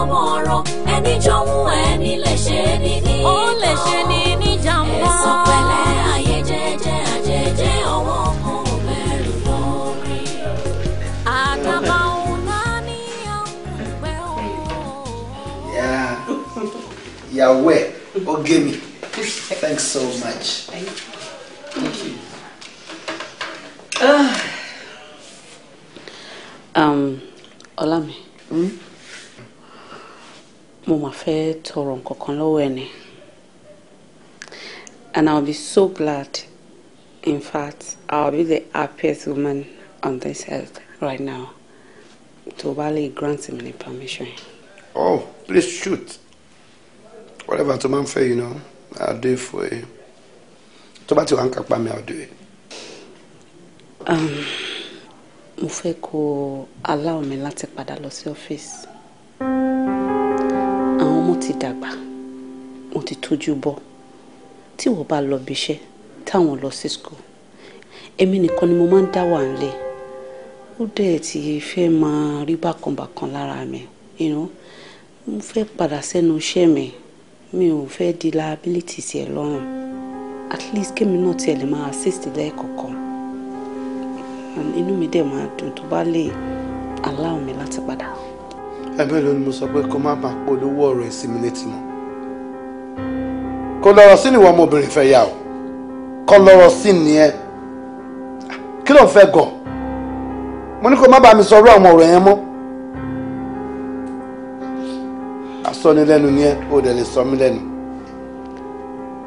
ọmọọ̀rọ̀ ẹni jọ̀hún ẹni lè ṣe ní níjàmbá. ó lè ṣe ní níjàmbá. ẹ̀sán pẹ̀lẹ́ ayé jẹ́jẹ́ àjẹjẹ́ ọwọ́ kan ò bẹ̀rù lórí. àdàbà òun náà ní àpòpẹ́ òun. ìyàwó ẹ̀ ó gé mi thanks so much. Thank you. Thank you. Uh, um, Ọlámi mo máa fẹ́ tọrọ nǹkan kan ẹ ni and I'll be so glad in fact I'll be the happiest woman on this earth right now to bá lè grant mi the permission. oh please shoot whatever tó máa ń fẹ́ yìí náà I'll do it for you To ba ti wà ń kápá mi I'll do it. Um, mo fẹ́ kó allow mi láti padà lọ sí ọ́fíìsì mo ti dàgbà mo ti tójú bọ́ tí wọ́n bá lọ bíṣẹ́ táwọn lọ sí school èmi nìkan ni mo máa ń dá wà nílé ó dẹ̀ ti fẹ́ máa rí bákan bákan lára mi you know mo fẹ́ padà sẹ́nu iṣẹ́ mi mi ò fẹ́ di liability sí ẹ lọ́rùn at least kémi náà tiẹ̀ lè máa assist lẹ́ẹ̀kọ̀ọ̀kan inú mi dẹ̀ máa dùn tó bá lè allow mi láti padà ẹ̀mẹ́lò ni mo sọ pé kó má máa polówó ọ̀rọ̀ ẹ̀ létí mọ́ kó lọ́rọ̀ sí ni wọ́n ọmọbìnrin fẹ́ yà o kó lọ́rọ̀ sí ni ẹ kí ló ń fẹ́ gan mo ní kó má bá mi sọ àwọn ọ̀rọ̀ yẹn mọ́ asọ́nilẹ́nu ni ẹ ò dẹ̀ lè sọ mí lẹ́nu.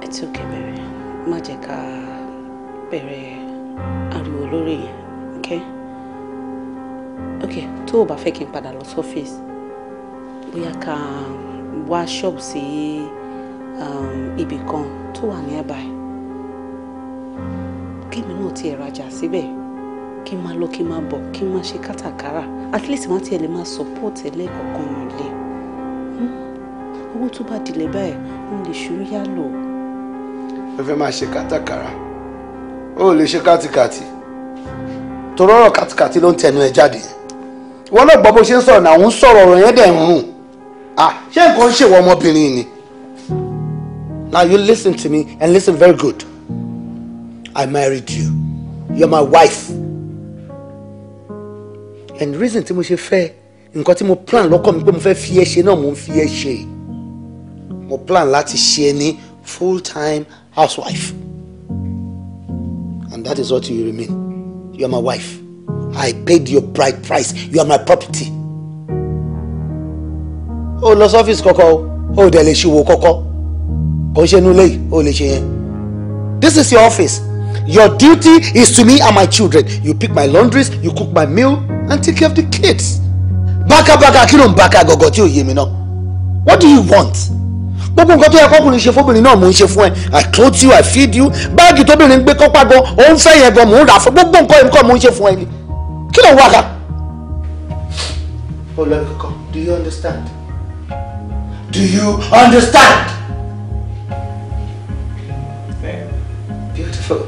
It's okay bẹ̀rẹ̀ má jẹ́ ká bẹ̀rẹ̀ ariwo lórí yẹn okay okay tó o bá fẹ́ kí n padà lọ sọ́fíìsì bóyá ká wá ṣọ́ọ̀bù sí um, ibì kan tó wà ní ẹ̀bà yìí kémi náà ti ẹ̀rajà síbẹ̀ kí n máa lọ kí n máa bọ̀ kí n máa ṣe kátàkárà at least wọ́n ti ẹ̀ lè máa support ẹlẹ́kọ̀ọ̀kan ràn lé hmm? owó tó bá dilẹ̀ báyìí wọ́n lè ṣòro yá lò. ẹ fẹ́ máa ṣe kátàkárà ó lè ṣe kátìkàtì torọ́rọ̀ kátìkàtì ló ń tẹnu ẹ jáde wọn náà gbọ́ bó ṣe ń sọ̀rọ̀ náà ń sọ̀rọ̀ ọ̀rọ̀ yẹn dẹ̀ ń rùn ah ṣé nǹkan ń ṣèwọ ọmọbìnrin ni now you listen to me and listen very good I married you You are my wife and the reason tí mo ṣe fẹ́ nǹkan tí mo plan lọ́kàn mi pé mo fẹ́ fi ẹ́ ṣe náà mo ń fi ẹ́ ṣe mo plan láti ṣe ẹ́ ní full time housewife and that is what you remain you are my wife I paid your bride price you are my property o lọ sọ́fíìsì kọ́kọ́ o o dẹ̀ lè ṣíwò kọ́kọ́ kò ń ṣe nulẹ̀ yìí o lè ṣe yẹn this is your office your duty is to me and my children you pick my laundries you cook my meal and take care of the kids bákàbákà kí ló ń bákà gọ̀gọ̀ tí ò yé mi náà what do you want gbogbo nǹkan tó yẹ kọkùnrin ṣe fóbìnrin náà mò ń ṣe fún ẹ i clothe you i feed you báàgì tóbìnrin gbé kọ́pá gan òun fẹ́ yẹn gan mò ń rà fún gbogbo nǹkan yẹn kọ́ mò ń ṣe fún ẹ ni kí ló ń wá ká. olùkọ́ do you understand. Do you understand? Yeah. beautiful.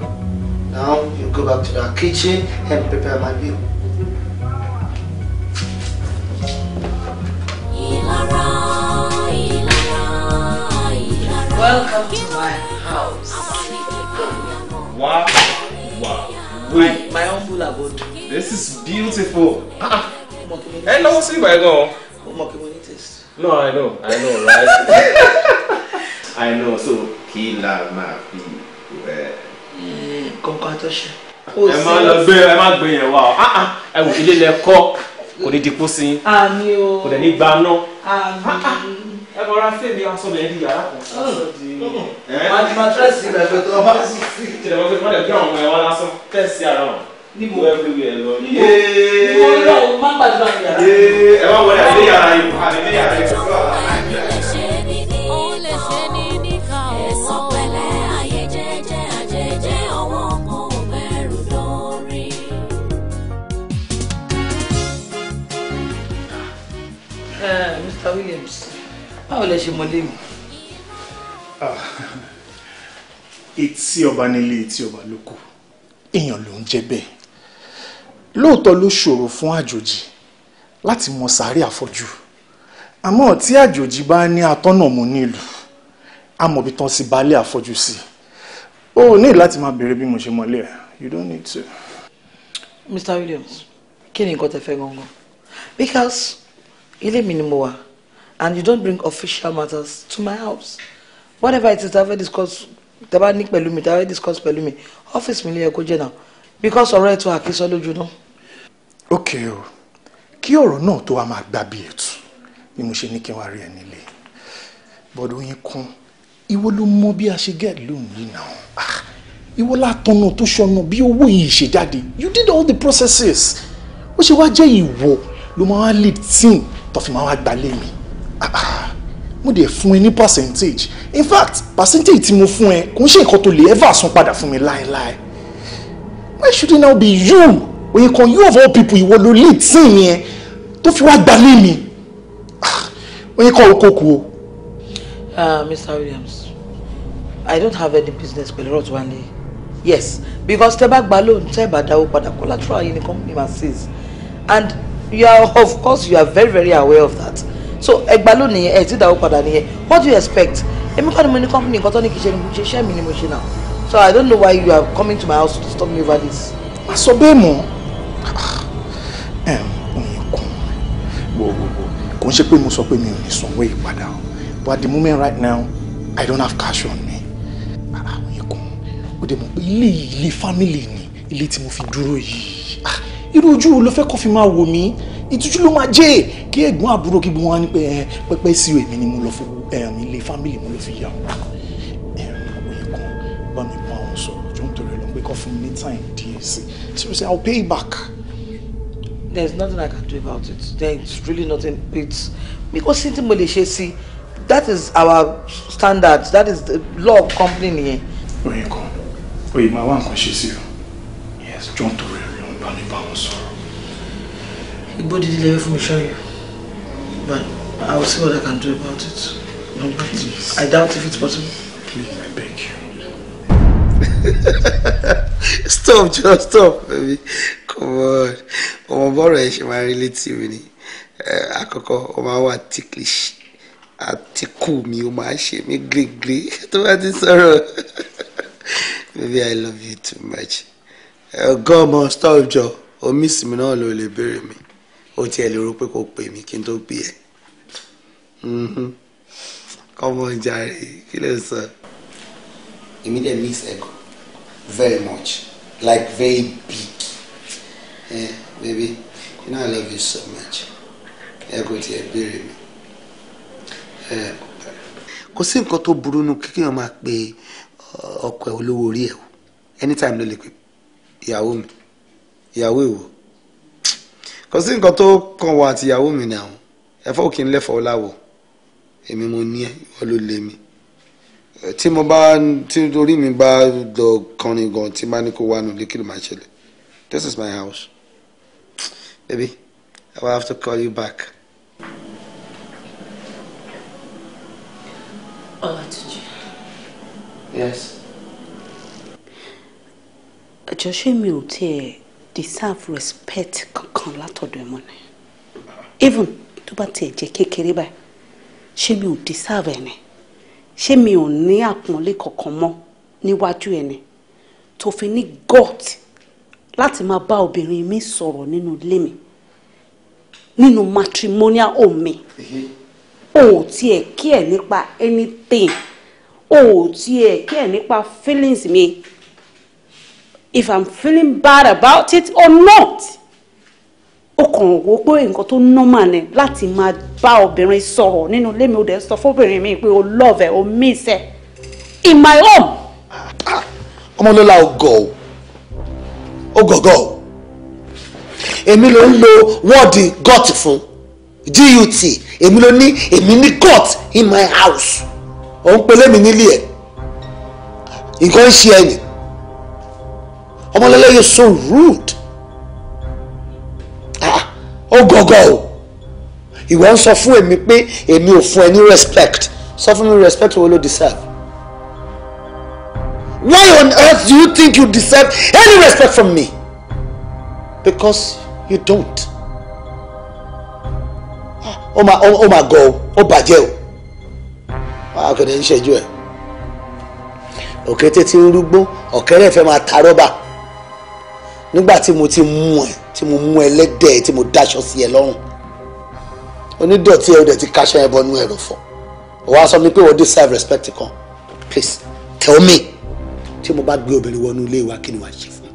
Now you go back to the kitchen and prepare my meal. Welcome to my house. Wow, wow. My, my humble abode. This is beautiful. Ah. Hello, see my girl no i know i know right i know so kí la máa fi wẹ̀. kọ́ńkọ́ tó ṣe. ẹ oh, má lọ gbé ẹ má gbé yẹn wá ọ ah, ah, ẹ wò ilé lẹ kọ́ kò ní dikú sí ah, i kò dẹ̀ ní gbaná ẹ kọ́ ra fèmí aṣọ mi ẹ di yàrá kan oh. aṣọ di ẹ. Oh. Eh? matrasi ìgbàgbọ́ tó bá sùn sí. kí lè wọ́n fi kọ́ lè gbé àwọn ọmọ ẹ wá lásán tẹ̀sí ara wọn níbo everywhere lọ ní yé níbo lọ o má gbàdúrà ní yàrá. ẹ wá wọlé àbí yàrá yìí kò àbí yàrá yìí kò. Mr. Williams, báwo lẹ ṣe mọlé mi? Ah, etí ọba nílé etí ọba lóko, èèyàn ló ń jẹ́ bẹ́ẹ̀ lóòótọ́ ló ṣòro fún àjòjì láti mọ sàárè àfọ́jú àmọ́ tí àjòjì bá ní atọ́nà mú nílùú amọ̀bí tán sí balẹ̀ àfọ́jú sí o ní láti máa béèrè bí mo ṣe mọ̀lẹ́ you don't need to. Mr. Williams kí ni nǹkan tẹ́ fẹ́ gangan because ilé mi ni mo wà and you don't bring official matters to my house whatever it is that I fẹ́ discuss tẹ́ bá ní pẹ̀lú mi tẹ́ fẹ́ discuss pẹ̀lú mi office mi lè yẹ kó jẹ́ náà because ọ̀rọ̀ ẹ̀ tó àkísọ́ lójú náà ókè o kí ọ̀rọ̀ náà tó wá máa gbá bí ètù bí mo ṣe ní kí n wá rí ẹ nílé bọ́dọ̀ yín kún ìwọ ló mọ bí a ṣe get loan yìí náà ah, ìwọ látọ̀nà tó ṣọnà bí owó yìí ṣe jáde you did all the processes ó ṣe wá jẹ́ ìwọ ló máa wá lead team tó fi máa wá gbalẹ̀ mi ah, ah, mo dẹ̀ fún ẹ ní percentage in fact percentage tí mo fún ẹ kò ń ṣe nǹkan tó lè ever san padà fún mi láéláé why should it now be you òye kan you of all people ìwọ ló lead sin yẹn tó fi wá gbalé mi òye kan ò kókó o. Mr. Williams I don't have any business pẹ̀lú ọ̀rọ̀ tó yes because tẹ́ bá gbà lóhùn tẹ́ bá dáwó padà collateral yìí ni company ma seize and you are of course you are very very aware of that so ẹ gbà lóhùn nìyẹn ẹ ti dáwó padà nìyẹn what do you expect èmi kọ́ ni mo ní company nǹkan tó ní kí ṣe ni mo ṣe iṣẹ́ mi ni mo ṣe now so I don't know why you are coming to my house to disturb me over this. má sọ bẹ́ẹ̀ mọ́ ẹ ń oyin kun but at the moment right now I don't have cash on me oyin kun ó dé mọ̀ pé ilé ilé family ni ilé tí mo fi dúró yìí ah, irú ojú wo ló fẹ́ kó fi máa wò mí ìtújú ló máa jẹ́ kí ẹ̀gbọ́n àbúrò kí gbogbo wọn á ní pé pẹ́pẹ́ sí èmi ni mo lọ fún ilé family mo lọ fi yà kò fún mi ní time díẹ̀ sí seriously I'll pay you back. there's nothing I can do about it there's really nothing it's because since mo lè ṣe that is our standards. that is the law of company Where you kan oye my one nǹkan is. sí yes john torí on ló ń bá mi bá wọn sọ̀rọ̀. igbó dídí lè but I will see what I can do about it. No, but I doubt if it's possible. Please. stop just stop baby come on ọmọ bọ́ọ̀rọ̀ ẹ ṣe máa rí létí mi ni àkọ́kọ́ ó máa wà ticklish àtikù mi ó máa ṣe mí gírígírí tó bá ti sọ̀rọ̀ baby i love you too much ọgọ́ ọmọ stop jọ omi ìsinmi náà ló lè béèrè mi ó tiẹ̀ lè rò pé kò pè mí kí n tó pè ẹ́ kọ́mọ mm-hmm. jàre kí ló sọ èmi dẹ̀ mix very much like very big yeah, baby you know I love you so much ẹ̀kọ́ tiẹ̀ béèrè mi. kò sí nǹkan tó burú nu kí kéèyàn máa pe eh, ọkọ olówó orí ẹ̀ o anytime ló lè pe ìyàwó mi ìyàwó èwo kò sí nǹkan tó kàn wá àti ìyàwó mi náà ẹ̀fọ́ òkè ńlẹ́fọ̀ọ́ láwọ̀ èmi mo ní ẹ ìwọ ló lé mi tí mo bá tí orí mi bá lọ kọrin gan tí má ní kó wá nulẹ̀ kí ló máa ṣẹlẹ̀ this is my house baby I will have to call you back. Olatunji. Yes. Àjọṣe mi ò tiẹ̀ deserve respect kankan látọ̀dọ̀ ẹ̀ mọ́ ni even tó bá tiẹ̀ jẹ́ kékeré báyìí ṣé mi ò deserve ẹ̀ ni ṣé mi ò ní àpọ́nlé kankan mọ́ níwájú ẹ̀ ni tó fi ní gut láti máa bá obìnrin mi sọ̀rọ̀ nínú ilé mi nínú matrimonial home mi o ò tiẹ̀ kí ẹ̀ nípa anything o ò tiẹ̀ kí ẹ̀ nípa feelings mi if I'm feeling bad about it or not ó kàn wò pé nǹkan tó normal ni láti máa bá obìnrin sọ̀rọ̀ nínú ilé mi ò dẹ̀ sọ fóbìnrin mi pé o love ẹ o miss ẹ in my home. ọmọlọ́lá ọgọ̀ o ọgọ̀gọ̀ o èmi ló ń lo wọ́ọ̀dì gut fún gut èmi ló ní èmi ní gut in my house òun pelé mi nílé ẹ̀ nǹkan ń ṣe ẹ̀yìn ọmọlọ́lá you're so rude ó gọgọ o ìwọ ń sọ fún èmi pé èmi ò fún ẹ ní respect sọ fún mi respect wo ló deserve why on earth do you think you deserve any respect from me because you don't ah, ó máa ó máa gọ ó bàjẹ́ o akọ̀dẹ̀ ń ṣẹ́jú ẹ̀ òkété tí ń rúgbó ọ̀kẹ́rẹ́ fẹ́ máa ta rọ́bà nígbà tí mo ti mú ẹ̀ tí mo mú ẹlẹ́dẹ̀ tí mo dáṣọ sí ẹ lọ́rùn onídọ̀tí ẹ ọdẹ ti káṣọ ẹ bọnú ẹ rọ̀fọ̀ wàá sọ mi pé wọ́n deserve respect kan please tell me tí mo bá gbé obìnrin wọnú ilé wa kí ni wàá ṣe fún mi.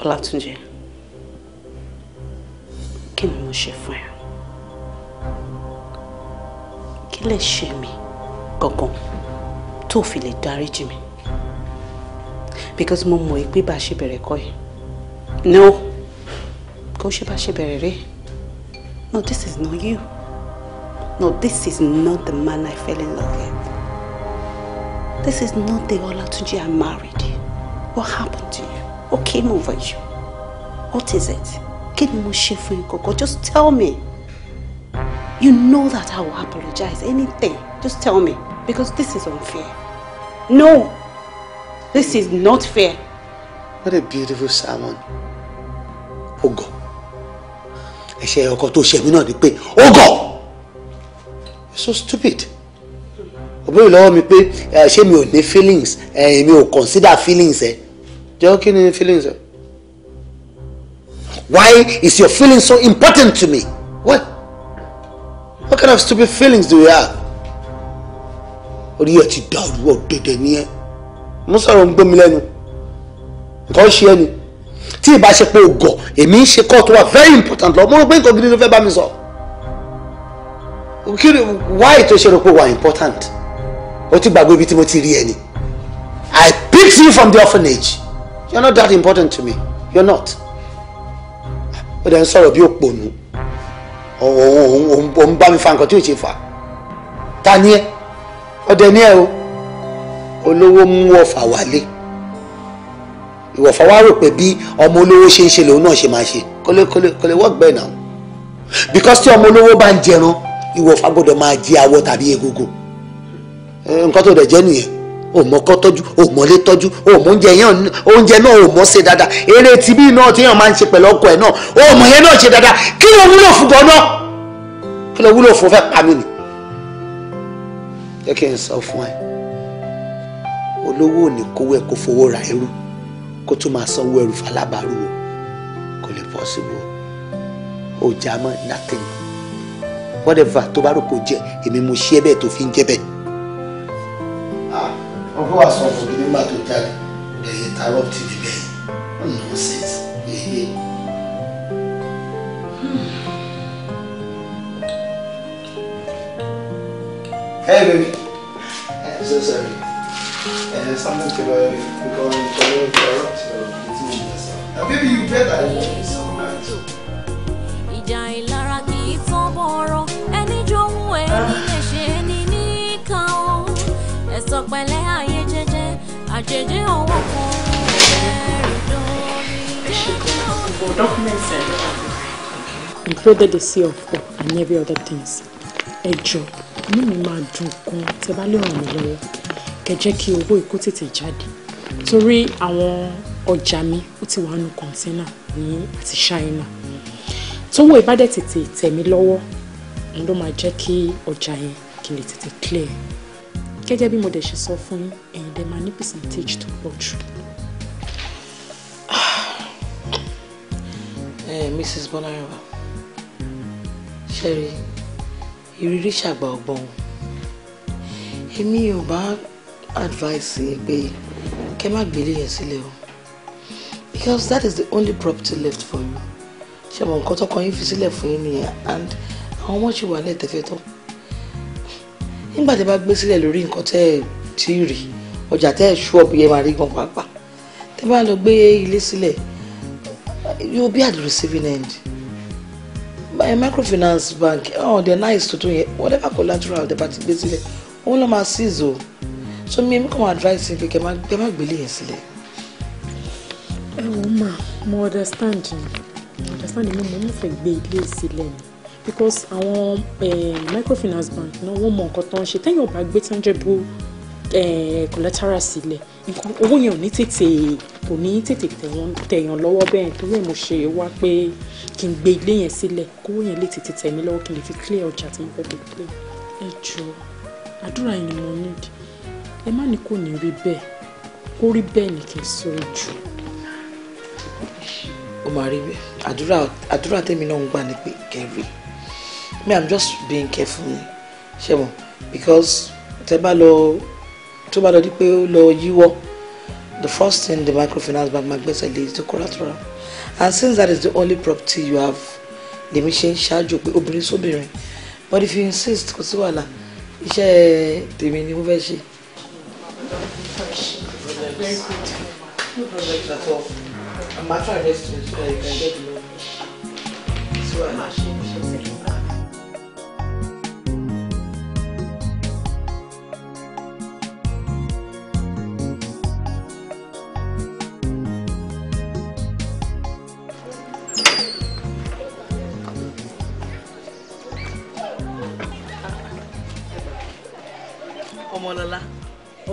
Ọlátúnjí kí ni mo ṣe fún ẹ kí lè ṣe mí gangan tó fi lè dáríjì mi because mo mọ̀ pé bá a ṣe bẹ̀rẹ̀ kọ́ yìí no no this is not you no this is not the man I fell in love with this is not the Olatunji I married what happened to you what came over you what is it kí ni mo ṣe fún just tell me you know that I will apologize anything just tell me because this is unfair no this is not fair. What a beautiful sermon. Oh God ẹ̀ṣẹ̀ ọkọ tó ṣẹ̀mí náà ni pé ó gọ̀ so stupid ó béèrè mi pé ṣé mi ò ní feelings èmi ò consider feelings ẹ jọ kí ni feelings ẹ why is your feeling so important to me what what kind of stupid feelings do you have orí ẹ ti dàrú ọ̀dẹ̀dẹ̀ ni ẹ mo sọ̀rọ̀ ń gbómi lẹ́nu nǹkan ṣe ẹ ni tí ì bá èmi ń ṣe kọ́ tó wà very important lọ mo rò pé nǹkan gidi ló fẹ́ bá mi sọ kí ni why tó ṣe rò pé wà important o ti gbàgbé ibi tí mo ti rí ẹni I picked you from the orphanage you are not that important to me you are not ó dẹ̀ ń sọ̀rọ̀ bí òpònú òun bá mi fa nǹkan tí ò ṣe fà ta ni ẹ ọdẹ ni ẹ o olówó mú ọfà wálé ìwọ̀fà wa rò pé bí ọmọ olówó ṣe ń ṣe lòun náà ṣe máa ṣe kólé kólé kólé work bẹ́ẹ̀ náà because tí ọmọ olówó bá ń jẹran ìwọ̀fà gbọ́dọ̀ máa jẹ awọ tàbí egungun nǹkan tó dẹ̀ jẹ́ nìyẹn o mọ kọ́ tọ́jú o mọ lé tọ́jú o mọ oúnjẹ yẹn oúnjẹ náà o mọ ṣe dáadáa eré tibí náà tí yẹn máa ń ṣe pẹ̀lú ọkọ ẹ̀ náà o mọ yẹn náà ṣe dáadáa kí ló wúlò fún gan náà kí ló wúlò fún fẹ́ pa mí ni. jẹ́ kí n sọ fún ẹ olówó ò ní kówó ẹ kó fowó ra irú kó tún máa sanwó ẹrù falábàárù o kò lè possible o jà mọ́ nothing whatever tó bá rò pé o jẹ èmi mo ṣe é bẹ́ẹ̀ tó fi ń jẹ bẹ́ẹ̀. wọ́n fẹ́ wàá sọ fún mi nígbà tó jáde lẹ́yìn tarọ́ ti di bẹ́ẹ̀ nonsense. Hmm. Hey baby, I'm eh, so sorry uh, something to go to go and follow for so it's me myself. And maybe you bet I won't be so much. Ìjà ah. ayé jẹ́jẹ́, àjèjì ọwọ́ kan ẹ̀rù included the sea of all and every other things. Ẹ jọ̀ọ́, inú mi máa dùn gan-an bá lè ràn mí lọ́wọ́ kẹ́ jẹ́ kí owó ikú tètè jáde torí àwọn ọjà mi ó ti wà nù kọ̀ńténà ní àti ṣáínà tówó ìbádẹ́ tètè tẹ̀ mí lọ́wọ́ òun ló máa jẹ́ kí ọjà yẹn kí lè tètè clear gẹ́gẹ́ bí mo dẹ̀ ṣe sọ fún yín ẹ̀yin dẹ̀ máa ní percentage tó pọ̀ jù. Mrs. Bonareva ṣẹ́rí ìrírí ṣàgbà ọgbọ́n èmi ò bá advice yẹn pé kẹ́ má gbélé yẹn sílẹ̀ o because that is the only property left for you ṣe mọ nǹkan tọkọ yín fi sílẹ̀ fún yín nìyẹn and àwọn ọmọ ṣì wà lẹ́tẹ̀fẹ́ tán nígbà tí a bá gbé sílẹ̀ lórí nǹkan tẹ́ ẹ̀ tí ì rí ọjà tẹ́ ẹ̀ ṣú ọ̀bí ẹ̀ máa rí gan pàápàá tẹ́ bá lọ gbé ilé sílẹ̀ yóò bí at the end My microfinance bank ọ̀hún oh, they're nice tuntun yẹn whatever collateral tẹ́ bá ti gbé sílẹ̀ òun ló máa seize o so mi èmi kàn wọ́n advice pé kẹ́ má gbélé yẹn sílẹ̀. ẹ wò ó mà mo understand mo understand mo mo fẹ́ gbé ilé sílẹ̀ ni because àwọn eh, microfinance bank náà wọ́n mọ nǹkan tó ń ṣe téèyàn bá gbé tangible eh, collateral sílẹ̀ nǹkan owó yẹn ò ní tètè kò ní tètè tẹ̀yàn lọ́wọ́ bẹ́ẹ̀ torí ẹ̀ mo ṣe wá pé kí n gbé ilé yẹn sílẹ̀ kówó yẹn lè tètè tẹ̀ mí lọ́wọ́ kí n lè fi clear ọjà tí mo fẹ́ fi clear ẹ jọ̀ọ́ àdúrà yìí ni mo need ẹ má ní kò ní rí bẹ́ẹ̀ kó rí bẹ́ẹ̀ ni kì í sọ̀rọ̀ jù. ó máa rí bẹ́ẹ̀ àdúrà àdúrà tèmi náà ń gbà ní pé kẹrì me i'm just being careful ni ṣe mọ because tẹ bá lọ tó bá lọ di pé ó lọ yíwọ́ the first thing the microfinance bank máa gbẹ́sẹ̀ lé is the collateral and since that is the only property you have lèmi ṣe ń ṣáájú pé obìnrin sóbìnrin but if you insist kò sí wàhálà iṣẹ́ tèmi ni mo fẹ́ ṣe. Very good. No problem at all. I'm trying to rest so I can get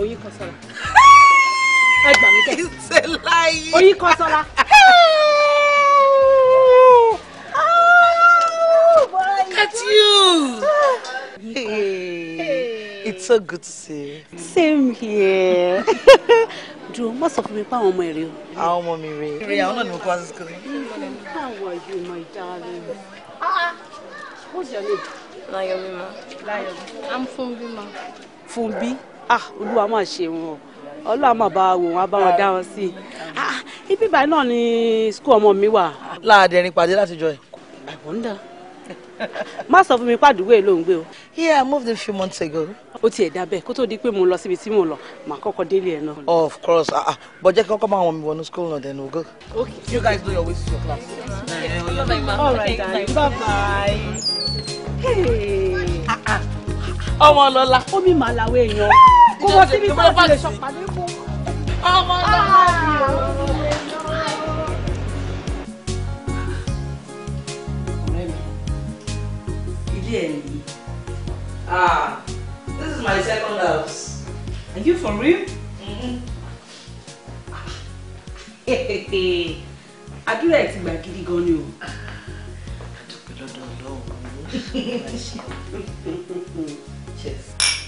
oyin kan sọ́la ẹ gbà mí kẹ́ oyin kan sọ́la. you. Hey. It's so good to see you. Same here. Dúró, má sọ fún mi pé àwọn ọmọ èrè o. Àwọn ọmọ mi rè é. Rè àwọn náà ni How are you, my darling? Ah, ah. what's your name? Layomi ma. Layomi. I'm Funbi ma. Funbi? ah olúwa máa ṣe wọn ọlọ́wà máa bá wò wọn bá wọn dá wọn sí i ah, ibi ìbàdàn náà ni skul ọmọ mi wà. láàdẹ̀rín pàdé láti jọ ẹ̀. I wonder má sọ fún mi pàdúgbò ló ń gbé o. yeah I moved a few months ago. ó tiẹ̀ dá bẹ́ẹ̀ kó tó di pé mo lọ síbi tí mo lọ màá kọ́kọ́ délé ẹ̀ náà. of course ah ah but jẹ́ kí kọ́kọ́ máa wọ̀n mi wọnú school náà then we'll go. okay you guys do your way to your class. all right bye bye. Hey ọmọ lọ́la. ó mi mà làwọn èèyàn ah! kó wọ́n síbi tó ti lè ṣọ̀pàdé fún. ọmọ lọ́la ah! ọ̀rẹ́ mi ilé ẹ̀ nìyí. Ah, this is my second house. Are you for real? Mm-hmm. Àdúrà ẹ̀ ti gbà gidi gan ni o. Àdúpẹ́ ah, lọ́dọ̀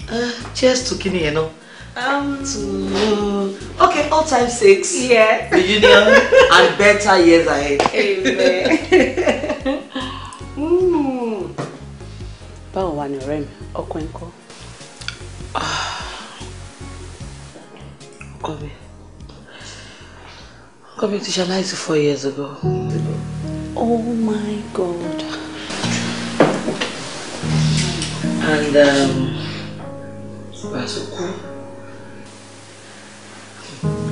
Uh, cheers to kini you know. Um, to okay, all time six. Yeah. The union and better years ahead. Amen. Mm. Báwo one ní Okwenko. mi? Ọkọ ẹ̀ ń kọ́. Ọkọ mi. four years ago. Oh my God. and Um,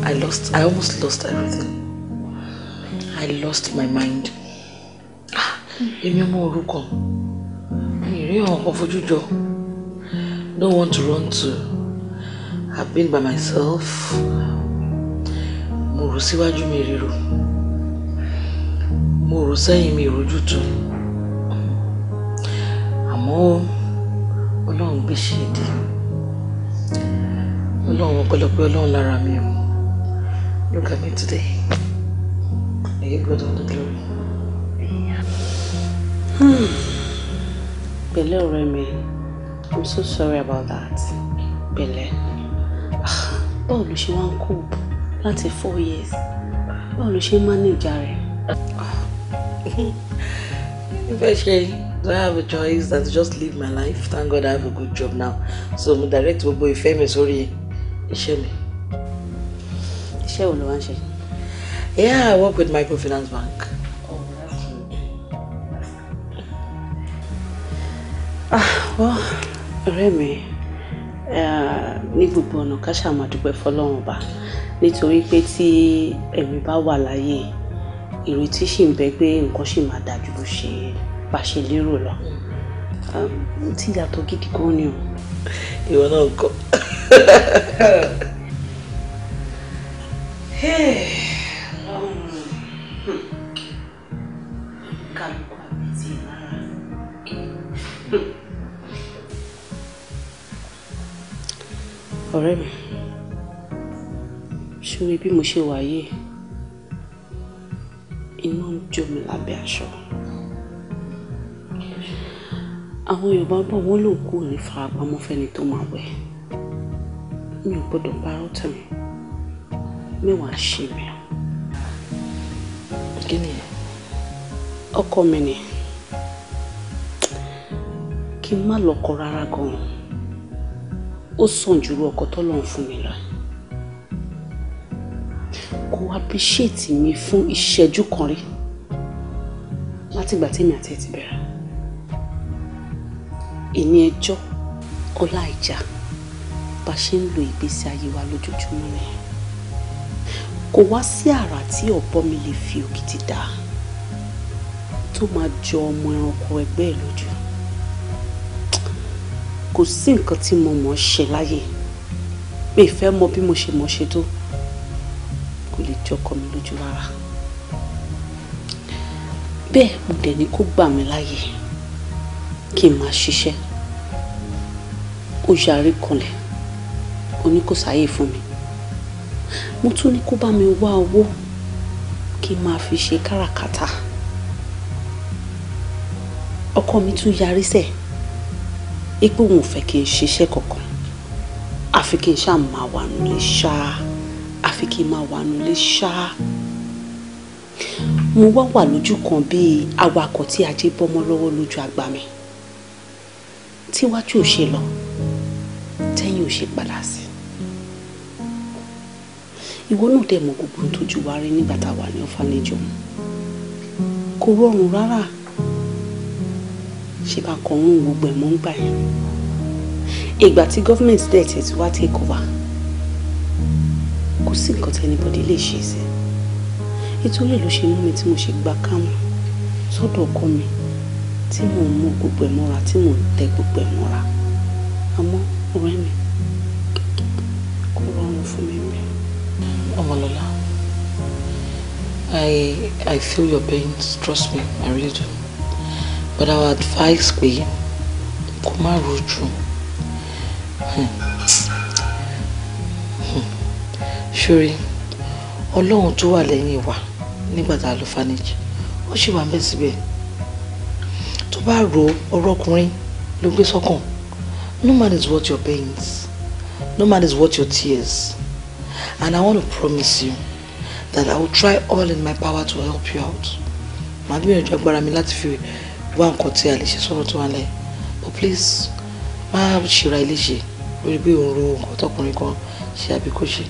I lost, I almost lost everything. I lost my mind. Ah, èmi ọmọ òrukàn, mi rí ọ̀kan to run to, I've been by myself, mo rò síwájú mi ríro, mo rò ọlọ́run gbé ṣe é dé ọlọ́run ọpẹ́lọpẹ́ ọlọ́run lára mi o look at me today I you God all the glory. Hmm. Pẹ̀lẹ́ ọ̀rẹ́ mi I'm so sorry about that Pẹ̀lẹ́ ah, báwo ló ṣe wá ń kó láti four years báwo ló ṣe ń manage rẹ̀. ìfẹ́ ah. ṣe yìí do I have a choice than to just live my life thank God I have a good job now so mo direct gbogbo ìfẹ́ mi sorry, iṣẹ́ mi. iṣẹ́ wo ló wá yeah I work with microfinance bank. Oh, ah well ọ̀rẹ́ mi eh, ní gbogbo ọ̀nà ká ṣáà máa dúpẹ́ fọlọ́run ọba nítorí pé tí ẹ̀mí bá wà láyé ìrètí sì ń bẹ pé nǹkan sì máa dájú bó ṣe é bá ṣe lérò lọ ah, ó ti yàtọ̀ gidi gan ni o. ìwọ náà kọ. Um, hmm. kálukú àbí ti lára. ọ̀rẹ́ mi ṣúrí bí mo ṣe wà yìí iná ń jó mi lábẹ́ aṣọ àwọn yorùbá bọ̀ wọ́n lò kú ní farapamọ́ fẹ́ni tó máa wẹ̀ mi ò gbọ́dọ̀ parọ́ tán mẹ́wàá ṣe mi. kí ni ọkọ mi ni kí n má lọ́kọ rárá gan-an ó sàn jùlọ ọkọ tọ́lọ́run fún mi lọ kò appreciate mi fún ìṣẹ́jú kan rí látìgbà tí èmi àti ẹ ti bẹ̀rẹ̀ ìní ẹjọ́ ọlá ìjà bá ṣe ń lo ìgbésí ayé wa lójoojúmọ́ ni kò wá sí àrà tí ọ̀bọ mi lè fi òkìtì dá tó máa jọ ọmọ ẹranko ẹgbẹ́ ẹ̀ lójú kò sí nǹkan tí mo mọ̀ ṣe láyé mi fẹ́ mọ bí mo ṣe mọ̀ ṣe tó kò lè jọkọ mi lójú rárá bẹ́ẹ̀ mo dẹ̀ ní kó gbà mí láyè kí n máa ṣiṣẹ́ ó yarí kanlẹ̀ ó ní kò sáyè fún mi mo tún ní kó bá mi wá owó kí n máa fi ṣe káràkátà ọkọ mi tún yarí sẹ̀ ipò òun ò fẹ́ kí n ṣiṣẹ́ kankan àfi kí n ṣáà máa wà nílé ṣáá àfi kí n máa wà nílé ṣáá mo wá wà lójú kan bíi awakọ̀ tí ajé bọ́mọ́ lọ́wọ́ lójú àgbà mi tíwájú ò ṣe lọ sẹ́yìn ò ṣe padà sí ìwọ náà dẹ̀ mọ gbogbo tó ju wa rí nígbà tá a wà ní ọ̀fàlejò kò rọrùn rárá ṣe bá kọrún gbogbo ẹ̀ ń gbà yẹn ìgbà tí gọ́fìmẹ̀ntì dẹ̀ tẹ̀ tí wá take over kò sí nǹkan tí anybody lè ṣe sí nítorí ló ṣe mú mi tí mo ṣe gba kámú sọ́dọ̀ ọkọ mi tí mò ń mú gbogbo ẹ̀ mọ́ra tí mò ń tẹ gbogbo ẹ̀ àmọ́ ọ̀rẹ́ mi I, I feel your pains, trust me, I really do. But our advice advise pé kó má rojú. Hmm. Hmm. Ṣorí, Ọlọ́run tó wà lẹ́yìn wa nígbà tá a lọ fanage, ó ṣì wà ń bẹ̀ síbẹ̀. Tó bá ro No man is worth your pains. No man is worth your tears. And I want to promise you that I will try all in my power to help you out. Màá gbìyànjú agbára mi láti fi wá nǹkan tí a lè ṣe sọ̀rọ̀ tó wà lẹ̀. But please, má ṣera ilé ṣe lórí bí òun ro nǹkan tọkùnrin kan ṣe àbí kò ṣe.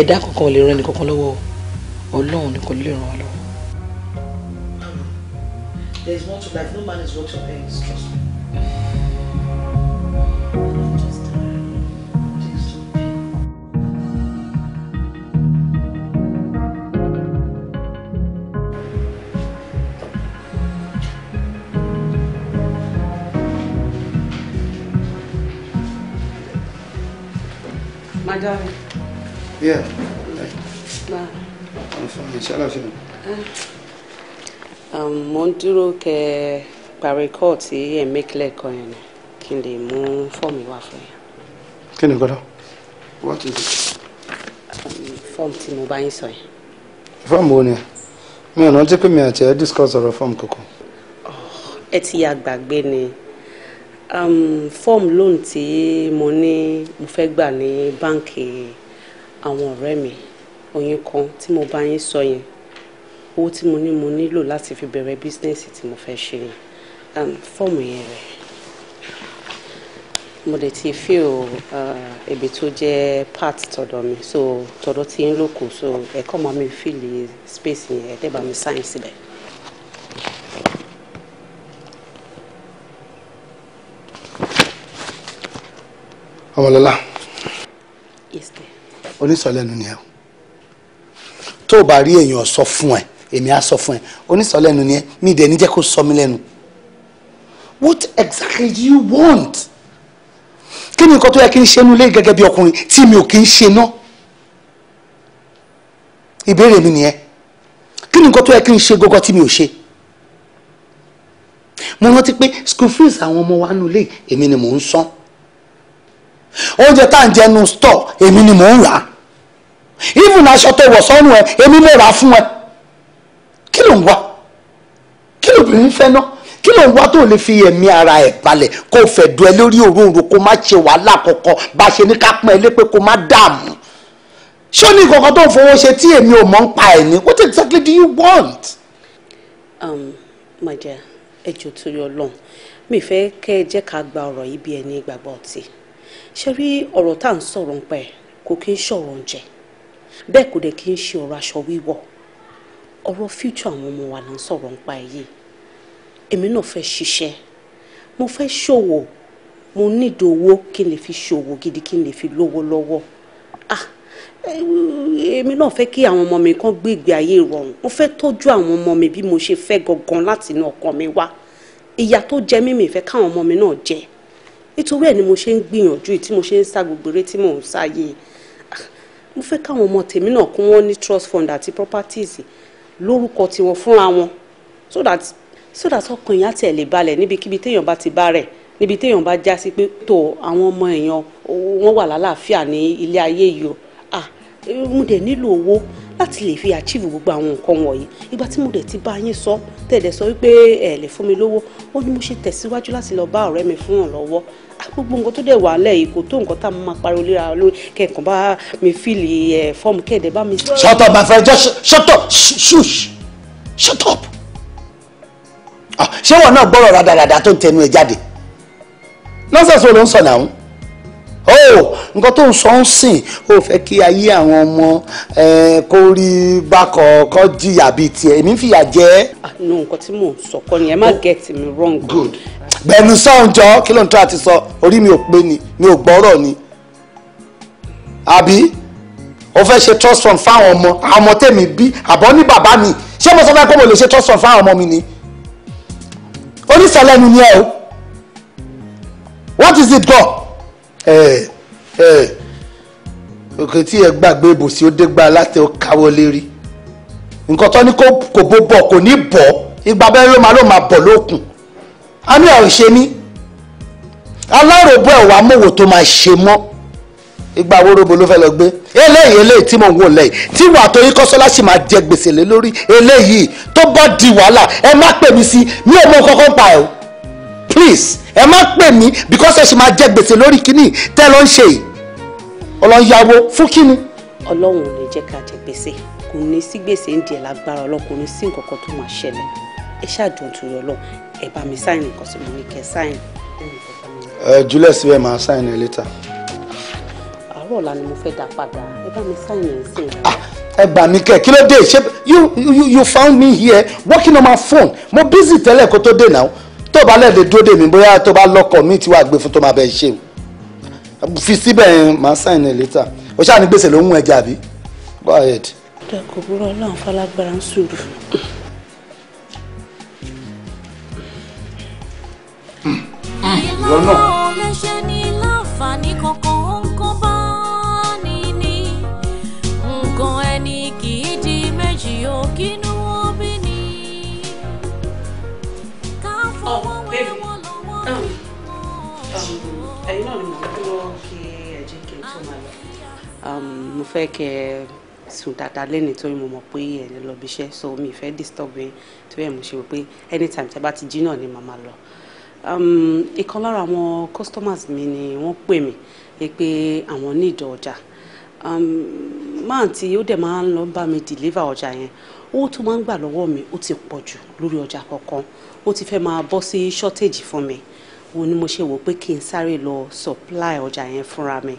Ẹ̀dá kankan ò lè ran ẹnìkankan lọ́wọ́ Ọlọ́run nìkan lè ràn wá lọ́wọ́. There is more to life. No man is worth your pains, trust me. darling. Yeah. Bye. I'm fine. Inshallah, fine. Um, mo ń dúró kẹ parí kọ́ọ̀tì ẹ̀ mẹ́kílẹ̀ kan yẹn kí n lè mú fọ́ọ̀mù wá fún yẹn. kí ni gbọ́dọ̀ what is it. fọ́ọ̀mù tí mo bá yín sọ yẹn. fọ́ọ̀mù wo ni mi ò rántí pé mi àti ẹ discuss ọ̀rọ̀ fọ́ọ̀mù kankan. ẹ ti yà gbàgbé ni um, form loan tí mo ní mo fẹ́ gbà ní báǹkì àwọn ọ̀rẹ́ mi oyin kan tí mo bá yín sọ yẹn owó tí mo ní mo nílò láti fi bẹ̀rẹ̀ bísínẹ́sì tí mo fẹ́ ṣe um, fọ́ọ̀mù yẹn rẹ̀ mo dẹ̀ ti fi o uh, ebi tó jẹ́ part tọ̀dọ̀ mi so tọ̀dọ̀ ti ń lòkù so ẹ̀kọ́ máa mi fìlì space yẹn ẹ̀ dẹ́ mi sign bẹ́ẹ̀. ọmọlọ́lá onísọ̀lẹ́nu ni ẹ tó o bá rí èèyàn sọ fún ẹ èmi á sọ fún ẹ onísọ̀lẹ́nu ni ẹ mi dẹ̀ ní kó sọ mí lẹ́nu what exactly do you want kí ni nǹkan tó yẹ kí n ṣe inú ilé gẹ́gẹ́ bí ọkùnrin tí mi ò kí n ṣe ná ìbéèrè mi nìyẹn kí ni nǹkan tó yẹ kí n ṣe gọ́gọ́ tí mi ò ṣe mo rántí pé school fees àwọn ọmọ wa nulẹ̀ èmi ni mò ń san oúnjẹ tá à ń jẹnu stọ̀ èmi ni mò ń rà á even aṣọ tó wọ̀ sọ́rùn ẹ èmi mo rà á fún ẹ kí ló ń wá kí lóbìnrin fẹ́ náà kí ló ń wá tó lè fi ẹ̀mí ara ẹ̀ balẹ̀ kó o fẹ̀ ẹ lórí òróǹro kó má ṣe wàhálà kankan bá a ṣe ní ká pọ́n ẹ lé pé kó má dààmú ṣé o ní kankan tó ń fowó ṣe tí èmi ò mọ̀ ń pa ẹ̀ ní what exactly do you want. Um, my dear ẹjọ́ torí Ọlọ́run mi fẹ́ kẹ́ ẹ jẹ́ ká gba ọ̀rọ̀ yìí bí ẹni ìgbàgbọ́ ọtí ṣe rí ọ̀rọ̀ tá à ń sọ̀rọ̀ ń pẹ́ kò kí ń ṣọ̀rọ̀ oúnjẹ bẹ́ẹ̀ kò dẹ̀ kí ń ṣe ọ̀rọ̀ aṣọ wíwọ̀ ọ̀rọ̀ fíjọ àwọn ọmọ wa là ń sọ̀rọ̀ ń pa èyí èmi náà fẹ́ ṣiṣẹ́ mo fẹ́ ṣòwò mo nídìí owó kí n lè fi ṣòwò gidi kí n lè fi lówó lọ́wọ́ ah èmi náà fẹ́ kí àwọn ọmọ mi kan gbé ìgbé ayé ìrọ̀rùn mo fẹ́ tọ́jú àwọn ọmọ mi bí mo ṣe fẹ́ gangan láti inú ọkàn mi wá ìyà tó jẹ mí fẹ́ káwọn ọmọ mi náà jẹ nítorí ẹ̀ ni mo ṣe ń gbìyànjú tí mo ṣe ń sá gbogbo eré tí mò ń sáyé ah, mo fẹ́ káwọn ọmọ tèmi náà kún wọn ní trust fund àti properties lórúkọ tiwọn fúnra wọn so that so that ọkàn èèyàn tẹ̀ lè balẹ̀ níbikíbi téèyàn bá ti bá rẹ̀ níbi téèyàn bá já sí pé tó àwọn ọmọ èèyàn wọ́n wà lálàáfíà ní ilé ayé yìí o ah mo dẹ̀ nílò owó láti lè fi achieve gbogbo àwọn nǹkan wọ̀nyí ìgbà tí mo dẹ̀ ti bá yín sọ tẹ̀lẹ̀ sọ wípé ẹ lè fún mi lówó ó ní mo ṣe tẹ̀síwájú láti lọ bá ọ̀rẹ́ mi fún ìrànlọ́wọ́ gbogbo nǹkan tó dẹ̀ wà lẹ́yìn kò tó nǹkan tá a máa pariwo léra lórí kẹ̀kàn bá mi fíìlì ẹ̀ fọ́ọ̀mù kẹ̀dẹ̀ bá mi. shut up my friend just shut up shush shut up ah, ṣé wọn náà gbọ́rọ̀ rádaràda tó ń tẹnu ẹ̀ jáde nọ́ọ̀sẹ̀ sọ ló ń sọ náà Oh, nǹkan tó ń sọ ń sìn ó fẹ́ kí ayé àwọn ọmọ kó rí bákọ̀ kọ́ jìyà bíi tiẹ̀ èmi fìyà jẹ. àná ah, nǹkan tí mò ń sọ kọ́ ni ẹ má oh, get me wrong. good bẹ̀ẹ̀ni sọ̀njọ́ kí ló ń tọ́ àti sọ orí mi ò pé ni mi ò gbọ́rọ̀ ni àbí o fẹ́ ṣe trust fund fáwọn ọmọ àwọn ọmọ tèmi bí àbọ̀ ní bàbá mi ṣé mo sọ fẹ́ pé mo lè ṣe trust fund fáwọn ọmọ mi ni onífẹ̀lẹ́nu ni ẹ o what is it God ẹ eee òkè tí ẹ gbàgbé ibùsí ó dégbà láti káwọ́ lérí nǹkan tó ní kò bó bọ̀ kò ní bọ̀ ìgbà abẹ́rẹ́ ló máa ló máa bọ̀ lókun àmì àìṣe ní aláròbó ẹ̀wà mòwò tó máa ṣe mọ́ ìgbà awórobo ló fẹ́ lọ gbé eléyìí eléyìí tí mò ń wò lẹ́yìn tí wà tó yí kọ́sọ́lá sì máa jẹ gbèsè lé mi ò mọ kọ́kọ́ pa o. please ẹ má pè mí because ẹ ṣì máa jẹ gbèsè lórí kínní tẹ́ ló ń ṣe yìí ọlọ́run yàwó fún kínní. ọlọ́run ò lè jẹ́ ká jẹ gbèsè kò ní sí gbèsè ń di ẹ̀ lágbára ọlọ́run kò ní sí nǹkan kan tó máa ṣẹlẹ̀ ẹ ṣáàdùn torí ọlọ́run ẹ bá mi sáìn nǹkan tí mo ní kẹ́ sáìn. ẹ júlẹ̀ síbẹ̀ máa sáìn ẹ létà. àárọ̀ ọ̀la ni mo fẹ́ dá padà ẹ bá mi sáìn ẹ̀ sí ah, ẹ gbà mí kẹ kí ló dé ṣe you you you found me here working on my phone mo busy tẹ́lẹ̀ kó tó dé now tó bá lẹ́ẹ̀lẹ́ dúró dèmí bóyá tó bá lọ́kọ̀ mi ti wá gbé fún tó máa bẹ ṣe o fi síbẹ̀ yẹn màá sign ẹ̀ later o ṣáà ní gbèsè ló ń mú ẹja àbí go ahead. ọ̀dà kò búrọ̀ ọlọ́run falágbára ń sùúrù. ìlànà ọ̀lẹ́ṣẹ̀ ní láǹfààní kankan ó ń kó bá ní ní nǹkan ẹni kì í di méjì ó kínú. mo fẹ́ kẹ́ ẹ sùn dáadáa lẹ́ni torí mo mọ̀ pé ẹ̀ lọ bí iṣẹ́ so mi fẹ́ disturb yín torí ẹ̀ mo ṣe pé anytime tẹ́ bá ti jí náà ni màmá lọ. Um, ìkan lára àwọn customers mi ni wọ́n pè mí pé àwọn ní ìdọ̀ ọjà um, máà tí ó dẹ̀ máa ń lọ bá mi deliver ọjà yẹn owó tó máa ń gbà lọ́wọ́ mi ó ti pọ̀ jù lórí ọjà kọ̀ọ̀kan ó ti fẹ́ máa bọ́ sí shortage fún mi òun ni mo ṣe wò pé kí n sáré lọ supply ọjà yẹn fúnra mi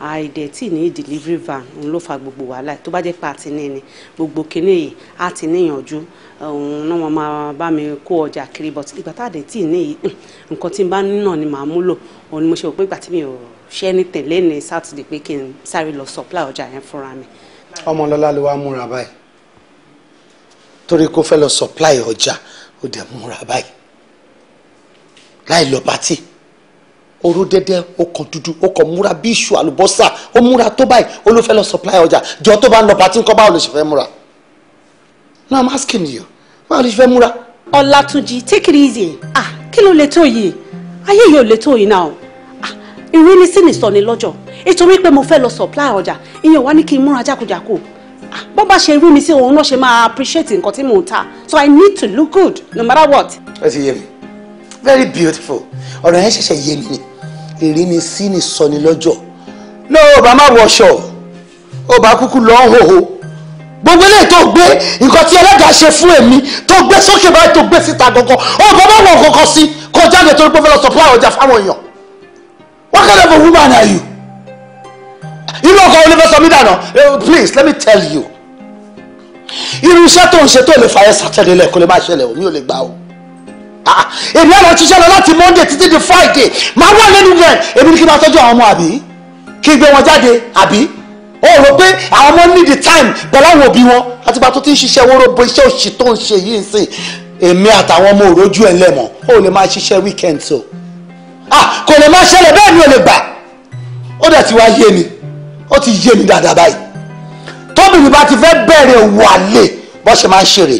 àìdẹ̀tì ní delivery van òun ló fa gbogbo wàhálà tó bá jẹ́ pé àti ní ni gbogbo kinní yìí á ti níyànjú òun náà wọ́n máa bá mi kó ọjà kiri but ìgbà tá àdẹ̀tì ní yìí nǹkan tí n bá nínà ni màá múlò òun ni mo ṣe wò pé ìgbà tí mi ò ṣe ní tẹ̀lé ní sátidé pé kí n sáré lọ supply ọjà yẹn fúnra mi. ọmọlọ́lá ló wá múra báyìí torí kó fẹ́ lọ supply ọjà ó dẹ̀ múra báyìí láì lọ pàtì oró dẹ́dẹ́ ó kàn dúdú ó kàn múra bí iṣu àlùbọ́sà ó múra tó báyìí ó lọ supply ọjà jọ tó bá ń lọ pàtì ńkọ́ báwo ló ṣe fẹ́ múra now i'm asking you báwo ló ṣe fẹ́ múra. Ọlátúnjí take it easy ah kí ló lè tó yìí ayé yìí ò lè tó yìí náà ah, ìwé ní sí nìsọ ni lọ́jọ́ ètò wípé mo fẹ́ lọ supply ọjà ìyẹn wá ní kí n múra jákujàku ah, bó bá ṣe rí mi sí òun náà ṣe máa appreciate nǹkan tí mò ń tà so i need to look good no matter what. ẹ ti yé mi very beautiful ọ̀rọ̀ yẹn ṣẹ̀ṣẹ̀ yé mi èrè mi sí ni sọ ni lọ́jọ́ lọ́wọ́ bá má wọṣọ ó bá kúkú lọ́ hòhò gbogbo eléyìí tó gbé nǹkan tí ẹlẹ́dàá ṣe fún èmi tó gbé sókè báyìí tó gbé síta gangan ó bá má wọ̀ kankan sí kó jáde torí pé ó fẹ́ lọ supply ọjà fáwọn èèyàn what kind of a woman are you? irú ọkọ onífẹsọ mi dànù eh, please let me tell you irú iṣẹ́ tó ń ṣe tó lè fàyẹ́ sátẹ́lẹ̀ lẹ́kọ́ lè má ṣẹlẹ̀ ò ní ò lè gbà ó. Ah, èmi àlọ́ ṣiṣẹ́ lọ láti monday títí di friday máa wà lẹ́nu rẹ̀ èmi ni kí n máa tọ́jú àwọn ọmọ àbí kí n gbé wọn jáde àbí ó rò pé àwọn ọmọ need the time pẹ̀lú àwọn òbí wọn àtìgbà tó ti ń ṣiṣẹ́ wóróbo iṣẹ́ òṣì tó ń ṣe yìí sìn èmi àtàwọn ọmọ òrojú ẹ̀ lẹ́mọ̀ ó lè máa ṣiṣẹ́ weekend so ah kò lè máa ṣẹlẹ̀ bẹ́ẹ̀ ni ò lè gbà ó dẹ̀ ti wá yé mi ó ti yé mi dáadáa báyìí tóbìnrin bá ti fẹ́ bẹ̀rẹ̀ wàlé bó ṣe máa ń ṣeré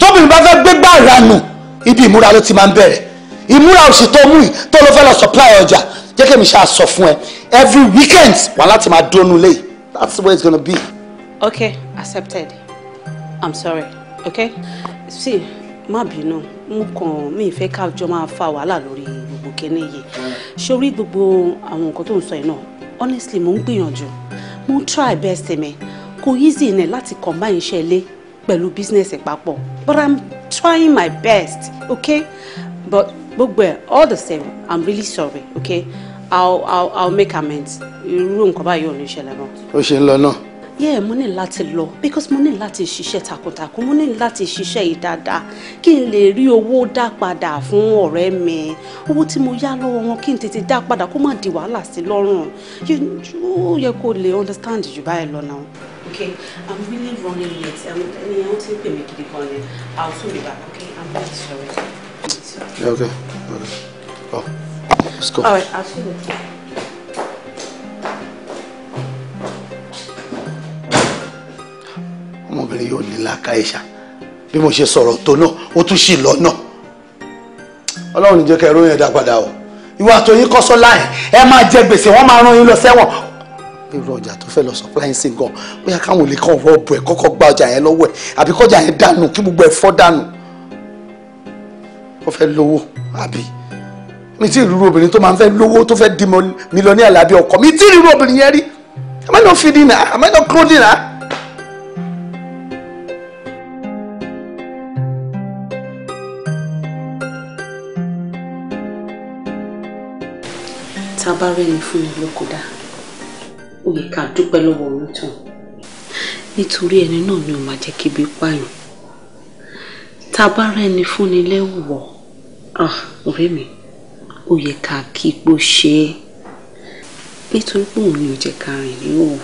tóbìnrin bá fẹ́ gbégbá ìranù ibi ìmúra ló ti máa ń bẹ̀rẹ̀ ìmúra òsì tó mú tó ló fẹ́ lọ supply ọjà jẹ́ kí mi ṣáà sọ fún ẹ every weekend wà láti máa dónú lé that's the it's gonna be. okay accepted i'm sorry okay see má bínú mo kàn mí fẹ́ ká jọ máa fa wàhálà lórí gbogbo kíní yìí sórí gbogbo àwọn nǹkan tó ń sọ yìí náà honestly mo ń gbìyànjú mo try best mi kò easy ní láti combine iṣẹ́ ilé pẹ̀lú business papọ̀ but i'm trying my best okay but gbogbo all the same i'm really sorry okay i'll i'll, I'll make amends irú nǹkan báyìí ò ní ṣẹlẹ̀ náà. ó ṣe ń lọ náà. yeah mo ní láti lọ because mo ní láti ṣiṣẹ́ takuntakun mo ní láti ṣiṣẹ́ yìí kí n lè rí owó dá padà fún ọ̀rẹ́ mi owó tí mo yá lọ́wọ́ wọn kí n tètè dá padà kó má di wàhálà sí lọ́rùn ó yẹ kó lè understand jù báyìí lọ náà okay? I'm really running late. I'm any out in pay me to the corner. I'll soon be back, okay? I'm really sorry. Yeah, okay. Okay. Oh. Let's go. Alright, I'll see you later. ọmọbìnrin yóò ní làákàyè ṣá bí mo ṣe sọ̀rọ̀ tó náà ó tún ṣì lọ náà ọlọ́run ní jẹ́ kẹ́ ẹ̀rọ yẹn dá padà o ìwà àtọyín kọ́sọ́ láì ẹ máa jẹ gbèsè wọ́n máa rán yín lọ sẹ́wọ̀n pé irú ọjà tó fẹ́ lọ supply sí gan bóyá káwọn olè kan rọ́ọ̀bù ẹ̀ kọ́kọ́ gba ọjà yẹn lọ́wọ́ ẹ̀ àbí kọjá yẹn dànù kí gbogbo ẹ̀ fọ́ dànù ó fẹ́ lówó àbí mi tí ìrírú obìnrin tó máa ń fẹ́ lówó tó fẹ́ di mílíọ̀nì àlàbí ọkọ mi tí ìrírú obìnrin yẹn rí am I not feeding her am I not clothing her. tá a bá rẹ́ni fún mi ló kó dáa ó yẹ ká dúpẹ́ lọ́wọ́ olótàn nítorí ẹni náà ni ò máa jẹ́ kí ibi pààyàn tá bá rẹ ni fúnni lẹ́wọ̀ ah, ọ̀rẹ́ mi ó yẹ ká kí ipò ṣe é nítorí pé òun ni ò jẹ́ ká rìn níwọ̀n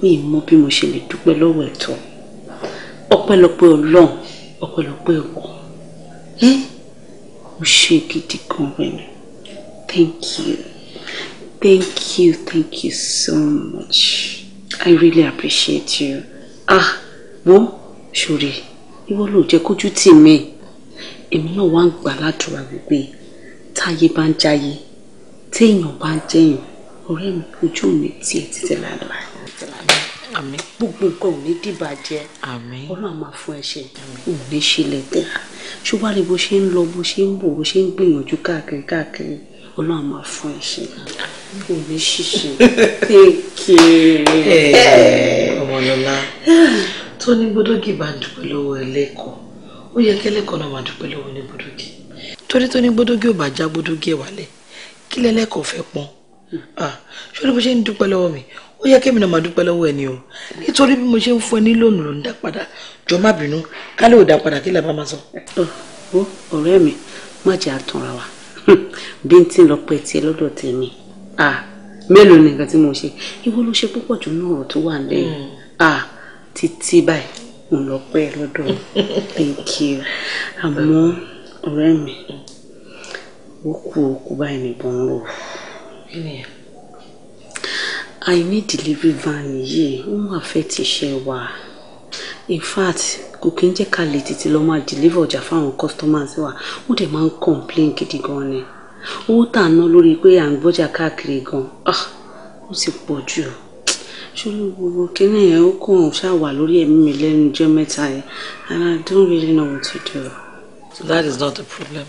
mi ì mọ bí mo ṣe lè dúpẹ́ lọ́wọ́ ẹ̀tọ́ ọpẹ́lọpẹ́ ọlọ́run ọpẹ́lọpẹ́ ẹ̀kọ́ ẹ́ ó ṣe gidi gan rẹ̀ thank you. Thank you, thank you so much. I really appreciate you. Ah, wo Shuri, ìwọ ló jẹ́ kójú tì mí èmi náà wá ń gbà ládùúrà wípé táyé bá ń jáyé téèyàn bá ń jẹyàn ọ̀rẹ́ mi ojú mi tiẹ̀ títí ládùúrà àmín gbogbo nǹkan ò ní dìbàjẹ́ àmín Ọlọ́run máa fún ẹ ṣe ò ní ṣe lẹtẹ ṣùgbọ́n àlè bó ṣe ń lọ bó ṣe ń bọ̀ bó ṣe ń gbìyànjú ọlọ́run máa fún ẹ ṣe kò ní ṣiṣẹ́ kéèké. ọmọlọlá tó ní gbódógì bá ń dúpẹ́ lọ́wọ́ ẹlẹ́kọ̀ọ́ ó yẹ kẹ́lẹ́kọ̀ọ́ náà máa dúpẹ́ lọ́wọ́ ní gbódógì torí tó ní gbódógì ò bá já gbódógì ẹ̀ wálẹ̀ kí lẹ́lẹ́kọ̀ọ́ fẹ́ pọ́n ah, ṣọlá bó ṣe ń dúpẹ́ lọ́wọ́ mi ó yẹ kémi náà máa dúpẹ́ lọ́wọ́ ẹni o nítorí bí mo ṣe ń fún ẹ ní lónìí ló ń dá padà jọ má bínú ká lè ò dá padà kí lè bá máa sọ. Oh, oh, ọ̀rẹ́ mi má jẹ́ àtúnra wa bíntín lọ pẹ́ tiẹ̀ lọ́dọ̀ tèmi mélòó ni nǹkan tí mo ṣe ìwọ ló ṣe púpọ̀ jù náà tó wà lẹ́yìn mm. títí báyìí lọ pẹ́ lọ́dọ̀ thank you àmọ́ ọ̀rẹ́ mi ó kú òkú báyìí nìbọn ń lò àìní delivery van yìí ó máa fẹ́ ti ṣe wà in fact kò kí ń jẹ́ ká lè tètè lọ máa deliver ọjà fáwọn customers wa wọ́n dẹ̀ máa ń complain gidi gan ni owó tà ná lórí pé à ń gbọ́jà káàkiri gan ah, ó ti pọ̀ jù ṣùgbọ́n gbogbo kíní yẹn ó kàn ṣàwà lórí ẹ̀mí mi lẹ́nu ọjọ́ mẹ́ta yẹn and I don't really know what to do. So that is not the problem.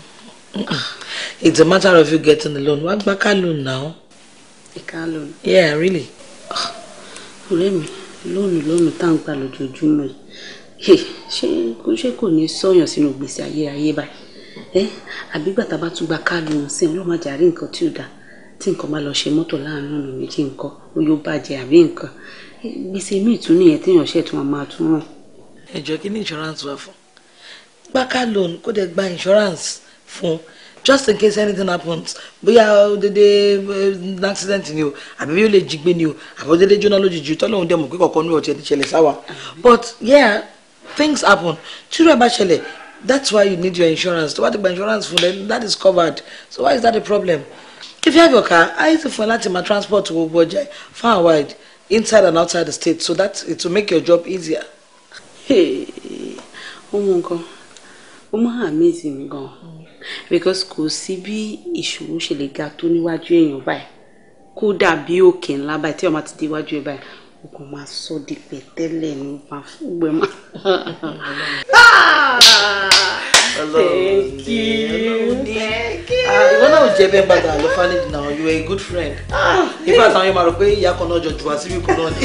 Ah, it's a matter of you getting the loan. Wá gba car loan now. A loan? Yeah, really. Ah, ọ̀rẹ́ mi, lónìí lónìí tá à ń gbà lójoojúmọ́ yìí ṣé kò ṣe kò ní sọyàn sínú gbèsè ayérayé báyìí ẹ àbí gbàtà bá tún gba káàdì òun sí ọlọ́mọ àjàrí nǹkan tí ò dáa tí nǹkan bá lọ ṣe mọ́tò láàrin ọ̀nà méjì nǹkan ó yóò bàjẹ́ àbí nǹkan gbèsè míì tún nìyẹn téèyàn ṣẹ̀ tún máa tún ràn. ẹ̀jọ̀ kí ni insurance wà fún gba car loan kó dẹ̀ gba insurance fún just in case anything happens bóyá dédé eh, accident ni o àbí bí ó lè jí gbé ni o àbí ó dédé jóná lójijì tọ́lọ́hún dẹ̀ mọ̀ pé kọ̀ọ̀kan ní ọ̀tí ẹ̀ ti ṣẹlẹ̀ sáwa but yeah things happen children bá that's why you need your insurance What bá insurance for? then that is covered so why is that a problem if you have your car i use it fún ẹ láti máa transport to ọjà far and wide inside and outside the state so that it will make your job easier. Hey, nǹkan ó máa amaze mi gan because kò sí bí ìṣòro ṣe lè ga tó níwájú èèyàn báyìí kódà bí òkè ńlá báyìí tí ọmọ ti dé iwájú ẹ o kò máa sọ di pẹ̀tẹ́lẹ̀ ní ma fún gbẹ ma. thank you thank you. Ah, ìwọ náà ò jẹ bẹ́ẹ̀ bàtà ló fani dina you were a good friend. ìfẹ́ àtàwọn yóò máa rò pé ìyá kan náà jọ jù wá síbí kan náà ni.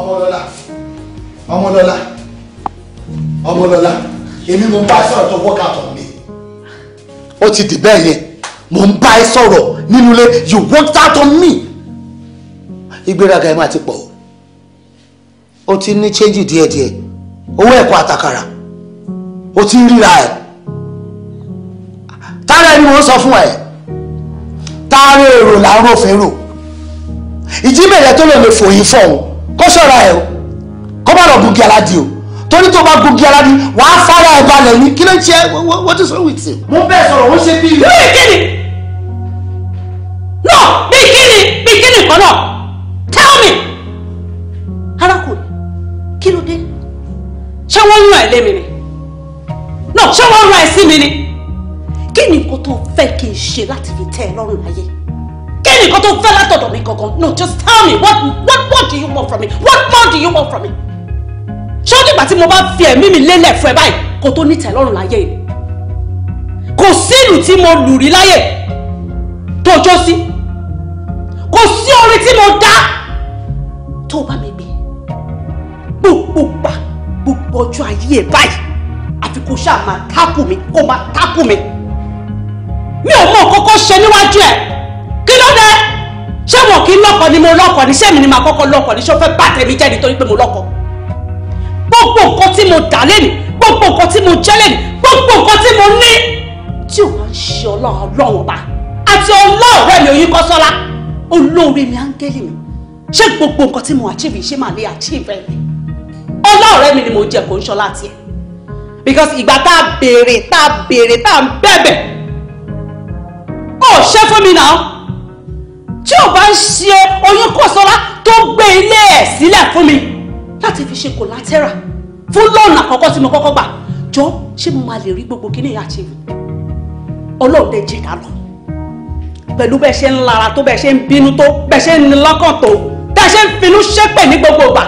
ọmọlọ́lá ọmọlọ́lá ọmọlọ́lá èmi mo bá sọ̀rọ̀ tó wọ́kà tọ̀ mi ó ti dì bẹ́ẹ̀ yẹn mò ń bá ẹ sọ̀rọ̀ nínú ilé you want out on me ìgbéraga ẹ máa ti pọ̀ o ti ní change díẹ̀díẹ̀ owó ẹ̀kọ́ àtàkàrà o ti ń ríra ẹ̀ tára ẹni mò ń sọ fún ẹ tára èrò là ń rófin rò ìjímẹ̀rẹ̀ tó lè lè fòyìn fọ̀ ọ́n kó ṣọ́ra ẹ̀ kó má lọ bùkí aládìí o torí tó bá gògì ara ni wàá fara ẹ̀ balẹ̀ ni kí ló ń ṣe what is wrong with you. mo bẹ́ẹ̀ sọ̀rọ̀ ó ṣe bí. bí kíni no bí kíni bí kíni kan náà tell me arákùnrin kí ló dé ṣé wọ́n ń rán ẹ̀ lé ni no ṣé wọ́n ń rán ẹ̀ sí mi ni kí ni nǹkan tó fẹ́ kí n ṣe láti fi tẹ́ ẹ lọ́rùn láyé kí ni nǹkan tó fẹ́ látọ̀dọ̀ mi gangan no just tell me what what more do you want from me what more do you want from me ṣé ó dìgbà tí mo bá fi ẹ̀mí mi lélẹ̀ fún ẹ báyìí kó tó ní tẹ́lọ́rùn láyé yìí kò sí ìlú tí mo lù rí láyè tó jó sí kò sí orin tí mo dá tó bá mi gbé gbogbo gbà gbogbo ọjọ́ ayé ẹ báyìí àfi kò ṣáà máa tákù mi kó máa tákù mi mi ò mọ kókó ṣe níwájú ẹ kí ló dé ṣé wọn kì í lọ́kọ ni mo lọ́kọ ni ṣé mi ni màá kọ́kọ́ lọ́kọ ni ṣé o fẹ́ bá tèmi jẹ́ nítorí pé mo lọ́kọ gbogbo nǹkan tí mo dà lẹ́nu gbogbo nǹkan tí mo jẹ́ lẹ́nu gbogbo nǹkan tí mo ní tí ò bá ń ṣe ọlọ́run ọba àti ọlọ́ọ̀rẹ́ mi oyún kọ́sọ́lá olóore mi áńgẹ́lì mi ṣé gbogbo nǹkan tí mo achieve ṣé màá lè achieve ẹ̀ mi ọlọ́ọ̀rẹ́ mi ni mo jẹ kó ń ṣọlá tiẹ̀ because ìgbà tá a béèrè tá a béèrè tá a ń bẹ̀bẹ̀ ó ṣe fún mi náà tí ò bá ń ṣe oyún kọ́sọ́lá tó gbé ilé ẹ̀ sílẹ̀ fún mi láti fi ṣe collateral fún lọ́ọ̀nù àkọ́kọ́ tí mo kọ́kọ́ gbà jọ ṣé mo máa lè rí gbogbo kíní yà ṣe ọlọ́run lè jẹ̀dá lọ pẹ̀lú bẹ́ẹ̀ ṣe ń lara tó bẹ́ẹ̀ ṣe ń bínú tó bẹ́ẹ̀ ṣe ń ní lọ́kàn tó bẹ́ẹ̀ ṣe ń finú ṣépè ní gbogbo ìgbà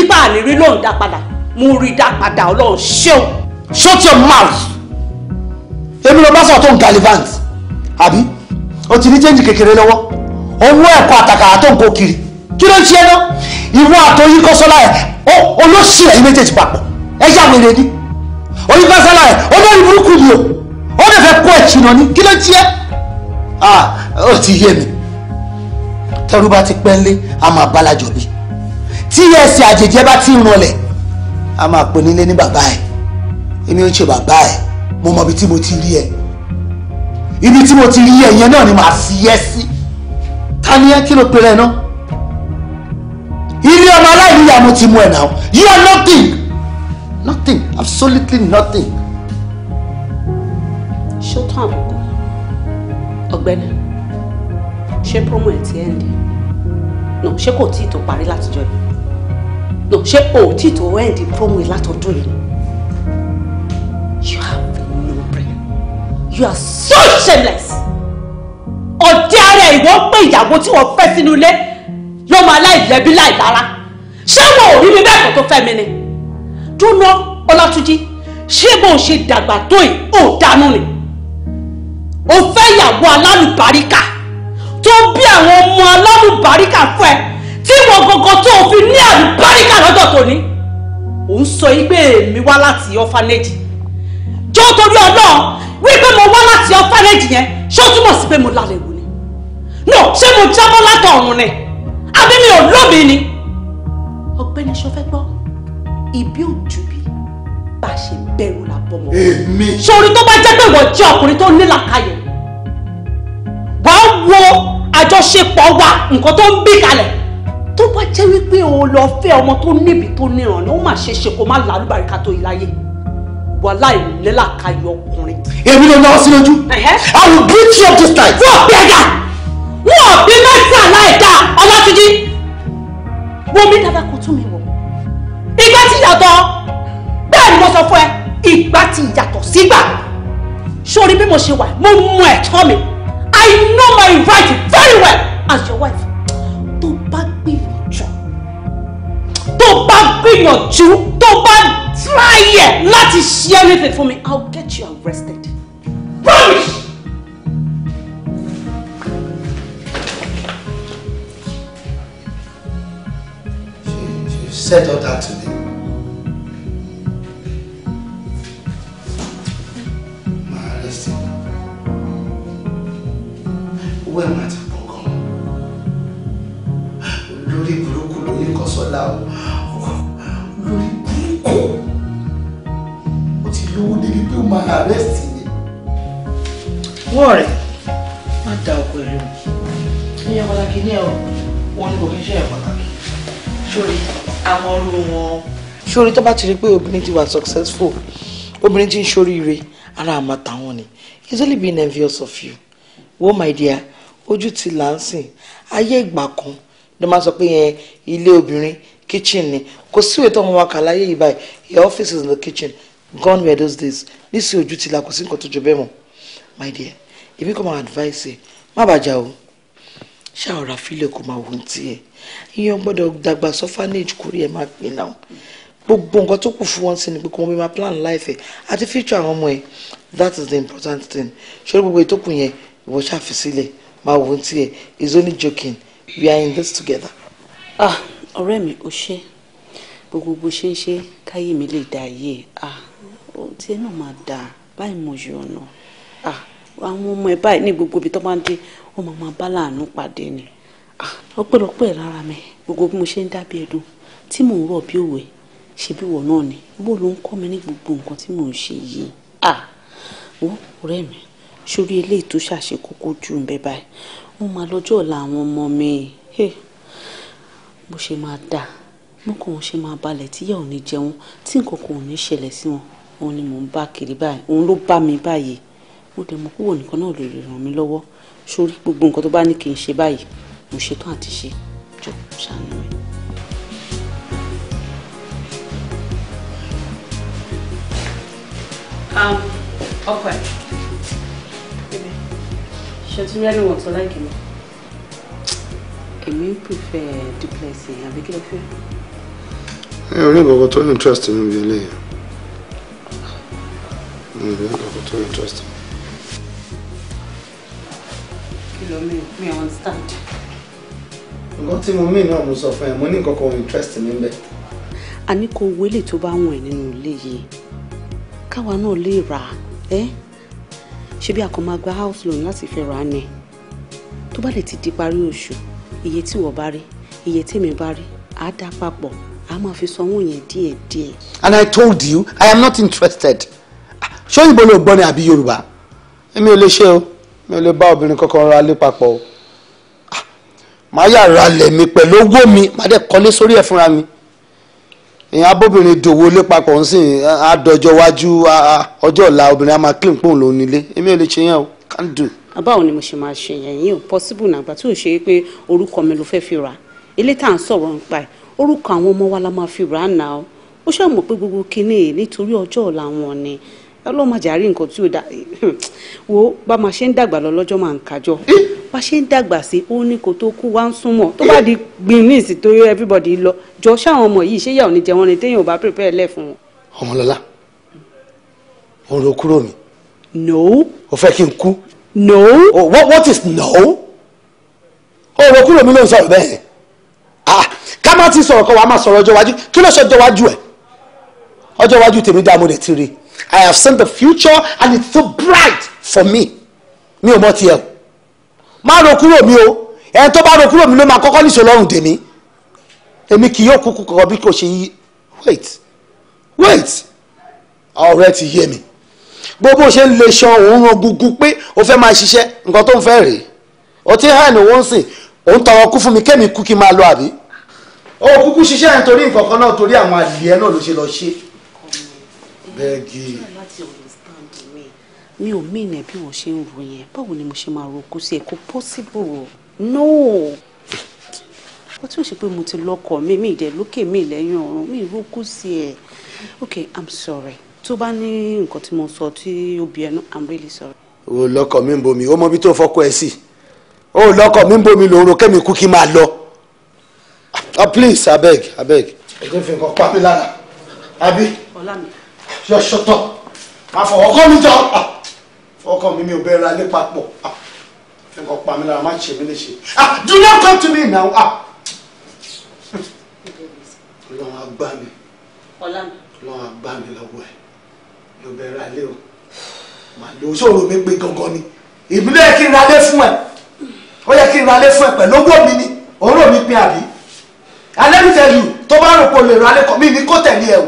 ipa àlérí ló ń dá padà mo rí dá padà ọlọ́run ṣeun. shut your mouth èmi ló bá sọ tó ń gallivant àbí o ti ní jẹ́ǹjì kékeré lọ́wọ́ owó ẹ̀kọ́ àtàkàrà tó ń kó kiri kí ló ń ṣe náà ìwọ àtọyí kọsọlá ẹ olóṣì ẹ̀yin méjèèjì papọ̀ ẹ yà wèrè ni oyin kọsọlá ẹ olórí burúkú mi o ó lè fẹ́ kó ẹ̀tù náà ni kí ló ń ṣe ah ó ti yé mi tẹrú bá ti pẹ́ ńlé a máa balajọ bí tí ẹsẹ̀ àjèjì ẹ bá ti rànlẹ̀ a máa pè nílé ní bàbá ẹ̀ èmi ń ṣe bàbá ẹ̀ mo mọ ibi tí mo ti rí ẹ ibi tí mo ti rí ẹ yẹn náà ni màá fi ẹ sí ta ẹ kí ló pe rẹ náà ilé ọmọ aláìníyà mo ti mú ẹ náà you are nothing nothing absolutely nothing. ṣó tán àbùkù ọ̀gbẹ́ni ṣé promo ẹ ti ẹ ǹdẹ no ṣé kò tí ì tó parí látijọ́ yìí no ṣé ò tí ì tó ẹǹdì promo yìí látọdún yìí you have no brain you are so shameless ọ̀dẹ́ ara ìwọ́n pé ìyàwó tí wọ́n fẹ́ sínú ilé yóò máa láì yẹbi láì lára ṣé wọn ò rí mi bẹ́ẹ̀ kó tó fẹ́ mi ni dúná ọlátúnjí ṣé bó ṣe dàgbà tó yìí ò dánú ni ò fẹ́ ìyàwó alálùbáríkà tó bí àwọn ọmọ alálùbáríkà fún ẹ tí wọn gbogbo tó o fi ní àlùbáríkà lọ́dọ̀ tòní ò ń sọ yí pé wá láti ọ̀fánẹ́jì jọ́ torí ọlọ́ọ̀ wípé mo wá láti ọ̀fánẹ́jì yẹn ṣó túmọ̀ sí pé mo lálẹ́ wò ni no ṣé mo jábọ́ látọ̀ ọ̀run ni lómi ni. ọ̀gbẹ́ni sọfẹ́ gbọ́ ìbí òjú bí bá a ṣe bẹ̀rù la bọ̀ mọ́. èmi. sori tó bá jẹ́ pé ìwọ jẹ́ ọkùnrin tó ní làkàyè wàá wo àjọṣepọ̀ wa nǹkan tó ń bí kalẹ̀ tó bá jẹ́ wípé o lọ fẹ́ ọmọ tó níbi tó níran ni ó mà ṣe ṣe kó má làlúbàríkà tó yìí láyé wà láì lẹ́làkàyè ọkùnrin. èmi ló náwó sí lójú. I will beat you up this time. wọ́n bí ẹja wọ́n bí mẹ́sàn-án láì dá ọlátúnjí wo mi dáadáa kò tún mi wò ìgbà tí yàtọ̀ bẹ́ẹ̀ ni mo sọ fún ẹ ìgbà tí yàtọ̀ sígbà sórí bí mo ṣe wà mo mọ ẹ̀tọ́ mi I know my right very well as your wife tó bá gbìyànjú tó bá gbìyànjú tó bá try ẹ̀ láti share anything for me I'll get you arrested. Promise! Set that today. My Where might I go? Lórí burúkú lóyún kan sọ́lá o. Lórí burúkú. Ó ti lówó débi pé ó máa arrest mi. Wọ́n rẹ̀ má da ọkọ ìlú. Ní ọmọláki ní ẹ̀rọ, wọ́n ní kò kí àmọ́rú wọn. ṣorí tó bá ti rí pé obìnrin ti wà successful obìnrin ti ń ṣoríire ara àmọ́ tàwọn ni he's only been envious of you wo my dear ojú ti là ń sìn ayé ìgbà kan ló máa sọ pé yẹn ilé obìnrin kitchen ni kò sí ìwé tó wọn kà láyé yìí báyìí your office is in the kitchen gone were those days nísì ojú ti là kò sí nǹkan tó jọ bẹ́ẹ̀ mọ́ my dear èmi kò máa advice ẹ má bàjá o ṣáà ọ̀rá fílẹ̀ kò máa wò ó tiẹ̀ èèyàn gbọ́dọ̀ dàgbà sọfanage kórè ẹ máa pè náà gbogbo nǹkan tó kù fún wọn sí ni pé kò wọn bí máa plan life ẹ àti future àwọn ọmọ ẹ that is the important thing ṣọlá gbogbo ètò kù yẹn ìwọ ṣàfisílẹ̀ máa wò ó tiẹ̀ is only joking we are in this together. ah ọ̀rẹ́ mi ò ṣe gbogbo bó ṣe ń ṣe káyé mi lè dá yé ah ohun tí ẹ náà máa dà láì mọyì ọ̀nà ah àwọn ọmọ ẹ báyìí ní gbogbo ibi tó máa ń dé wọn máa máa bá láàánú pàdé ni ọpẹ́lọpẹ́ lára mi gbogbo bí mo ṣe ń dábìí ẹdùn tí mò ń rọ̀ bí òwe ṣe bí wọ̀ náà ni bó ló ń kọ́ mi ní gbogbo nǹkan tí mò ń ṣe yìí à wọ́n ọ̀rẹ́ mi sórí eléyìí tó ṣàṣe kókó jù ń bẹ báyìí wọ́n máa lọ́jọ́ ọ̀la àwọn ọmọ mi bó ṣe máa dà mú kó wọn ṣe máa balẹ̀ tíyà ò ní jẹun tí nǹkan kan ò ní ṣẹlẹ̀ sí wọn òun ni mò ń bá kiri báyìí òun ló bá mi báyìí mo dẹ̀ mọ̀ kúwò nìkan náà lè ràn mí lọ́wọ́ sórí gbogbo nǹkan tó bá ní kí n ṣe báyìí mo ṣetán àti ṣe jọ ṣàánú mi. Um, ọkọ ẹ ṣe tún rẹ́ níwọ̀n tó láìkì mọ́. èmi ń prefer duplex yẹn àbí kí lè fẹ́. ẹ ò ní ìgbàgbọ́ tó ní interest nínú ibi eléyìí mi ò ní ìgbàgbọ́ tó ní interest nǹkan tí mo mí náà mo sọ fún ẹ mo ní nǹkan kan interest mi a ní kó owó èlé tó bá wọ̀n ẹ̀ nínú ilé yìí káwa náà lè rà á ẹ́ ṣé bí a kò máa gba house loan láti fi rà á ni tó bá lè ti di parí oṣù iye tí wọ́n bá rí iye tèmi bá rí á dá papọ̀ á máa fi sanwó yẹn díẹ̀díẹ̀. and I told you I am not interested ṣé òyìnbó ló gbọ́ ni àbí Yorùbá èmi ò lè ṣe o mi ò lè bá obìnrin kankan ra lé papọ̀ o màá yàrá lẹ̀ mi pẹ̀lú owó mi màá dẹ̀ kọ́lé sórí ẹ̀ fúnra mi ìyẹn abóbìnrin dòwò lé papọ̀ ń sìn àdọjọ́ wájú ọjọ́ ọ̀la obìnrin a máa clean pòun lòun nílé èmi ò lè ṣe yẹn o can't do. àbáwo ni mo ṣe máa ṣe yẹn yìí ò possible nàgbà tí ò ṣe pé orúkọ mi ló fẹ́ fi rà ilé tá à ń sọ̀rọ̀ nípa ẹ̀ orúkọ àwọn ọmọ wa la máa fi rà á nà ó ó ṣàmọ̀ pé gbogbo kinní nítorí ọjọ́ ọ̀la wọn ni ọlọ́run máa jàrí nǹkan tí ò da wo bá máa ṣe ń dàgbà lọ lọ́jọ́ máa ń kájọ bá ṣe ń dàgbà sí ó ní kó tó kú wá ń súnmọ́ tó bá di gbin ní ìsìtórí everybody lọ jọ ṣáwọn ọmọ yìí ṣé yà ò ní jẹ wọn téèyàn ò bá prepare lẹ̀ fún wọn. ọmọlọlá òun ló kúrò mi. no. o fẹ́ kí n kú. no. oh what what is no. òun ló kúrò mi ló ń sọ̀rọ̀ bẹ́ẹ̀ ah ká má ti sọ̀rọ̀ kan wàá má sọ̀rọ̀ ọjọ́ wájú kí ló ṣe ọjọ́ wájú ẹ̀ ọjọ́ iwájú tèmi dá mo lè ti rí i have seen the future and it's so bright for me mi ò mọ tiẹ̀ o má ro kúrò mi o ẹni tó bá ro kúrò mi ló máa kọ́kọ́ níṣó lọ́rùn tèmi èmi kì yóò kúkú kọ̀ọ̀ bí kò ṣe yí wait wait ọ̀rẹ́ ti yé mi gbogbo ṣe ń le ṣan òun ran gugu pé o fẹ́ máa ṣiṣẹ́ nǹkan tó ń fẹ́ rèé o ti hàn ní wọ́n sìn òun tọrọ kú fún mi kémi kú kí n máa lọ àbí. o kúkú ṣiṣẹ́ nítorí nǹkan kan náà torí àwọn àlìyé náà ló ṣe lọ ṣe bẹ́ẹ̀gì. mi ò mí ìnà bí wọ́n ṣe ń ro yẹn báwo ni mo ṣe máa ro sí ẹ̀ kó pọ́síbù no ó tí ṣe pé mo ti lọ́kọ mi mi ìdẹ̀ lókè mi lẹ́yìn ọ̀run mi ro sí ẹ̀ okay i'm sorry tó bá ní nǹkan tí mo sọ tí ó bí ẹnu i'm really sorry. o lọkọ mi ń bomi ó mọ bí tó fọkọ ẹ sí o lọkọ mi ń bomi lòun ro kẹ́mi kú kí n máa lọ ah, please abeg abeg ẹ jẹ́ fi nǹkan pa mí lára àbí. ọlá mi ṣe ṣọtọ àfọwọ́kọ́ mi jọ ah, ọkọ mi mi ò bẹ̀rẹ̀ alẹ́ papọ̀ ah, ẹ̀kọ́ pa mi lára má ṣe mí léṣe ah, do not come to me now. ọlọ́run á gbá mi ọlọ́run á gbá mi lọ́wọ́ ẹ̀ mi ò bẹ̀rẹ̀ alẹ́ o màá lo sọ̀rọ̀ mi pé gangan ni ìbílẹ̀ yẹ kí n ra alẹ́ fún ẹ̀ ó yẹ kí n ra alẹ́ fún ẹ̀ pẹ̀lú owó mi ni òórò mi pin àbí alẹ́ mi tẹ̀lé tó bá rò pé o ra alẹ́ kọ́ mi ní kó tẹ̀lé ẹ̀ o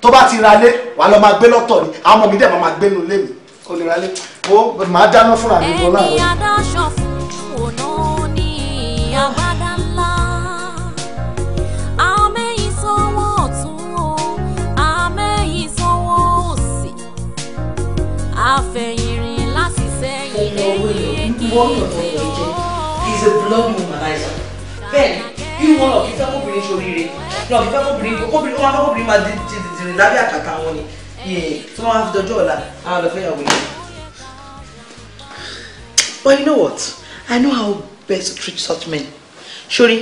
tó bá ti ra alẹ́ wà á lọ máa gbé lọ́tọ̀ ni àwọn ọmọ mi dẹ̀ máa gbé nínú ilé mi ó lè rálé ó máa dáná fúnra mi lọ láàárọ̀. ẹni adáṣọ fún òná ní àbádá ńlá àmẹ́yìn sọ́wọ́ ọ̀tún o àmẹ́yìn sọ́wọ́ òsì àfẹ̀yìnrìn láti sẹ́yìn lẹ́yìn èkìtì o. He's a blood womanizer. bẹ́ẹ̀ni ìwọ náà kì í fẹ́ kóbìnrin ṣoríire náà kì í fẹ́ kóbìnrin kóbìnrin wọn fẹ́ kóbìnrin máa di dìrì lábẹ́ àkàtà wọn ni tí wọ́n á fi dọjọ́ ọ̀la àwọn lọ fẹ́ yàwó yẹn. But you know what? I know how best to treat such men. Ṣorí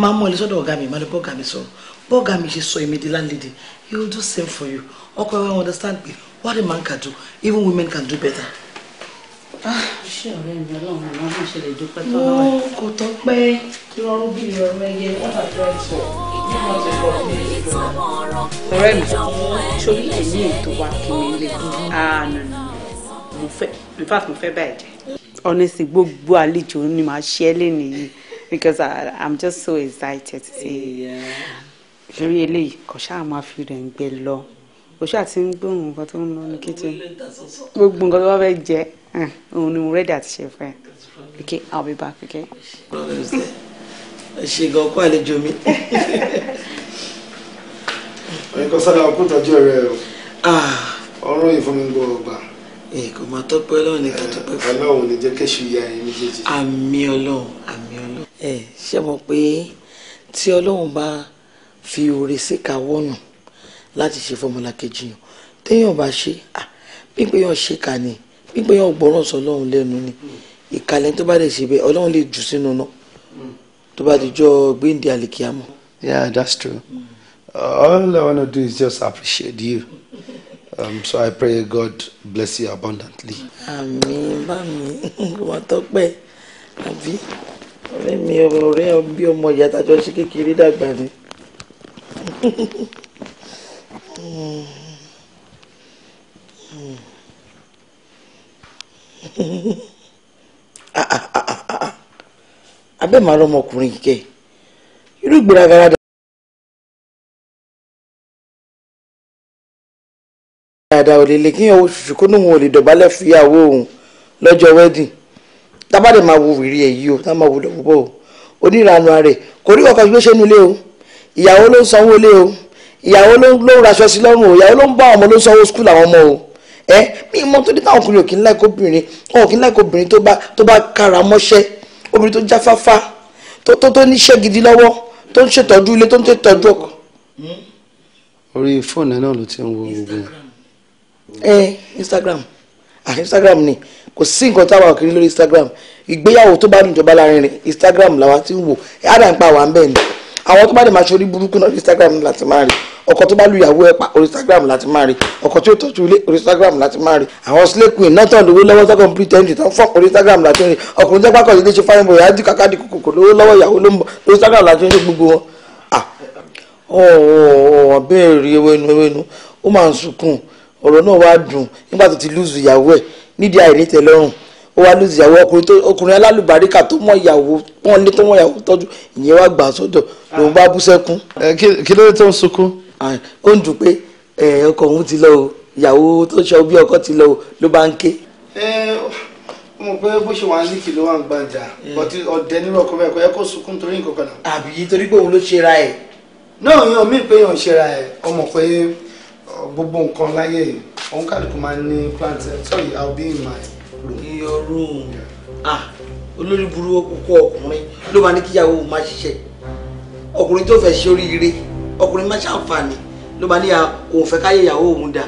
máa mú ẹlẹ́sọ́ dọ̀ ọ̀gá mi máa lọ bọ́ ọ̀gá mi sọ̀rọ̀ bọ́ ọ̀gá mi ṣe sọ èmi di landlady he will do same for you ọkọ ẹ wá understand me. what a man can do even women can do better ṣé ọ̀rẹ́ mi ọlọ́run náà mo ṣe lè dúpẹ́ tó lọ́wọ́ ẹ̀. wọ́n kò tọ́ pé ìrọ̀rùn bí ìrọ̀rùn ẹyẹ wọ́n àjọ ìṣọ̀ nígbà tó pọ̀ sí ìṣòro. ọ̀rẹ́ mi sórí èyí ètò wa kì í lè ààrùn mo fẹ́ in fact mo fẹ́ báyìí jẹ́. honestly gbogbo àlejò ni màá ṣe é lénìí because I, I'm just so excited to see. sórí eléyìí kò ṣáà máa fi rẹ̀ ń gbẹ lọ kò ṣáà ti ń gbóhùn nǹkan tó ń lọ ní kíntì gbogbo nǹkan tó bá fẹ́ jẹ òun ni mo rẹ́dí àti ṣe fún ẹ okay I'll be back okay. ṣe gan kó àlejò mi. ẹ̀yin kan sára ọkùnrin tọ́jú ẹ̀rẹ́ o ọ̀rọ̀ yìí ọgbà. kò máa tọ́pẹ́ ọlọ́run ní ká tọ́pẹ́ fún. ọlọ́run ní jẹ́ kéṣù ya ẹ̀yin méjèèjì. àmì ọlọ́run àmì ọlọ́run. ẹ ṣe mọ̀ pé tí ọlọ́run bá fi oore síkà wọ́nù láti ṣe fọmọlá kejì yàn téèyàn bá ṣe pípé yàn ṣe kà ní pípé yàn gbọ́ràn sọ ọlọ́run lẹ́nu ni ìkàlẹ̀ tó bá lè ṣe bẹ́ẹ̀ ọlọ́run lè jù sínú náà tó bá di jọ gbéǹde àlìkíyàmọ́. yeah that's true uh, all i wanna do is just appreciate you um, so i pray god bless you abundantly. àmín bá mi wọn tọpẹ́ àbí ọ̀rẹ́ mi ọ̀rẹ́ bí ọmọ ìyá tájọ ṣe kékeré dàgbà ni. Ah, ah, ah, abẹ́ màá lọ́mọkùnrin yìí kẹ́ irú ìgbéraga dáadáa ò lè lè kíyàn oṣù kó níwọ̀n ò lè dọ̀bálẹ̀ fìyàwó òun lọ́jọ́ wedding tábàdé máa wo wìrì èyí o tá máa wo lọ́wọ́ bọ́ o onírànú rẹ̀ kò rí ọkọ̀ gbéṣẹ́ nílé o ìyàwó ló ń sanwó ilé o ìyàwó ló ń raṣọ sí lọ́rùn o ìyàwó ló ń bá ọmọ ló ń sanwó skul àwọn ọmọ o ẹ mi mọ tó dé táwọn ọkùnrin òkín láìkó obìnrin wọn òkín láìkó obìnrin tó bá tó bá kára mọ́ṣẹ́ obìnrin tó jáfáfá tó tó tó níṣẹ́ gidi lọ́wọ́ tó ń ṣètọ́jú ilé tó ń ṣètọ́jú ọkọ. orí fóònù náà ló ti ń wo gbogbo. ẹ Instagram ah Instagram ni kò sí nǹkan táwọn òkìrí lórí Instagram ìgbéyàwó tó bá níjọba láàrin rẹ Instagram làwa ti ń wò ádà ń pa àwọn àbẹ̀ ni àwọn tó bá dẹ̀ máa ṣe orí burúkú náà Instagram láti máa rí i ọkọ tó bá lu ìyàwó ẹ pa orí Instagram láti máa rí ọkọ tí ó tọ́jú ilé orí Instagram láti máa rí àwọn slay queen náà tán lówó lọ́wọ́ tọ́kọ̀ pretend tán fọ́ orí Instagram láti rí ọkùnrin tẹ́gbà kan ilé ṣe fáyín bọ̀ yájú kàkà di kòkò lówó lọ́wọ́ ìyàwó ló ń bọ̀ orí Instagram láti rí gbogbo wọn. ọ̀ọ́ béèrè ewénu ewénu ó máa ń sunkún ọ̀rọ̀ náà wá dùn nígbà tó ti lùzù ìyàwó ẹ̀ nídìí àìnítẹ́lọ́rùn ó wá lùzì ìyàwó ọkùnrin tó ọkùnrin alálùbáríkà tó mọ ìyàwó pọ́nlé tó mọ ìyàwó tọ́jú ìyẹn wá gbà sọ́dọ̀ lòun bá bú sẹ́kún. kí ló dé tó ń sunkún Ah, ó ń dùn pé ọkọ òun ti lọ o ìyàwó tó ṣe bí ọkọ ti lọ o ló bá ń ké. mo pé bó ṣe wà ní kìlọ̀ wà ń gbàjà eh. bọ́tí ọ̀dẹ nínú ọkọ bẹ́ẹ̀ kọ́ ẹ kó sunkún nítorí nǹkan kan náà. àbí torí pé òun ló ṣe ra ẹ̀. náà yan mí pé yàn ṣe ra ẹ̀ ọmọ pé gbogbo nǹkan láyé òun kálukú máa ń ní plant sorry I'll be in my room. your room ah olórí burúkú ọkùnrin ló máa ní kíyàwó máa ṣiṣẹ́ ọkùnrin tó fẹ́ ṣe oríire ọkùnrin má ṣàǹfààní ló bá ní òun fẹ́ káyé ìyàwó òun dà.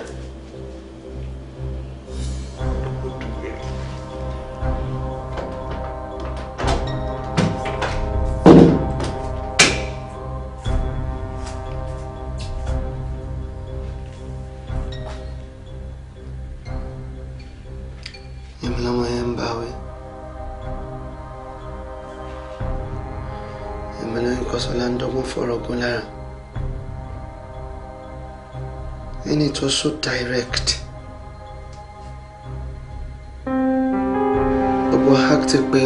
fọ̀rọ̀ gún lára. and it was so direct. gbogbo active pé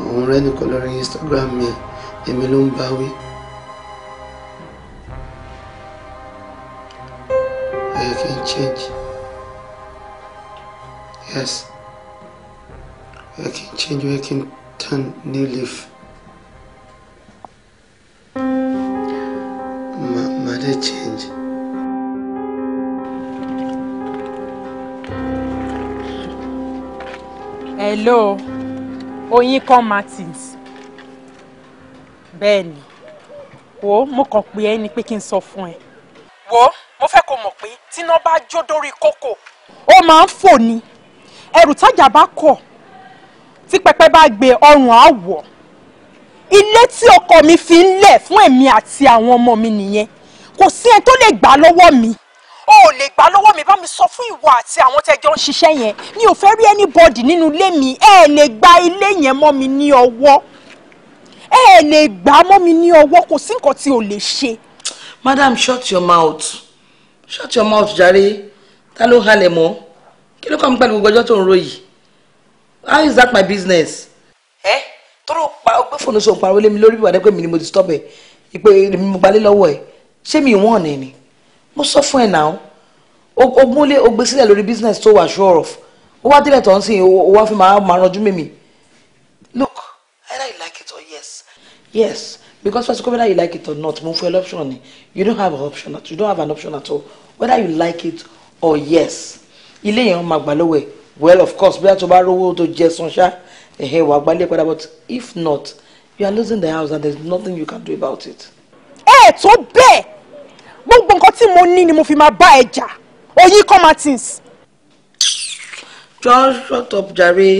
òun rẹ nìkan lórí Instagram mi èmi ló ń bá wí. I can change. Yes. I can change. I can turn new leaf. Ma, ma, change. hello Oyinkan Martins bẹ́ẹ̀ ni wo mo kàn pé ẹni pé kí n sọ fún ẹ. wo mo fẹ́ kó mọ̀ pé tíná bá jó dórí kókò. ó máa ń fò ni ẹrù tájà bá kọ̀ tí pẹpẹ bá gbé ọrùn á wọ̀ ilé tí ọkọ mi fi ń lẹ̀ fún èmi àti àwọn ọmọ mi nìyẹn kò sí ẹni tó lè gbà lọ́wọ́ mi o ò lè gbà mi bá mi sọ fún ìwọ àti àwọn tẹ́jọ́ ń ṣiṣẹ́ yẹn mi ò fẹ́ rí anybody nínú ilé mi ẹ lè gba ilé yẹn mọ́ mi ní ọwọ́ ẹ lè gbà mọ́ mi ní ọwọ́ kò sí nǹkan tí o lè ṣe. madam shut your mouth shut your mouth jàre ta ló halẹ̀ mọ́ kí ló kàn ń pẹ̀lú gbogbo ọjọ́ tó ń ro yìí how is that my business. ẹ tọrọ pa ọgbẹ́ fòlùsọ̀ pariwo lé mi lórí ìwà dẹ́pẹ́ mi ni mo ti stop ẹ̀ ìpè mi mo gbalé lọ́wọ́ ẹ̀ ṣé mi ìwọ̀n ọ̀nà ẹ̀ mo sọ fún ẹ náà ogúnlé o gbé lórí business tó wà sure of ó wá délẹ̀ tó ń sìn ó wá fi máa máa ranjú mímì look either you like it or yes yes because first of all, whether you like it or not mo fún ẹ lọ́pṣọ̀n ni you don't have an option at you don't have an option at all whether you like it or yes ilé yẹn máa gbà lọ́wọ́ well of course bóyá tó bá rówó tó jẹ san ṣá ẹ̀hẹ́ wàá gbalẹ̀ padà but if not you are losing the house and there is nothing you can do about it. ẹ tó bẹ́ẹ̀ gbogbo nǹkan tí mo ní ni mo fi máa bá ẹ jà oyin kọ́ martins. john shut up jàre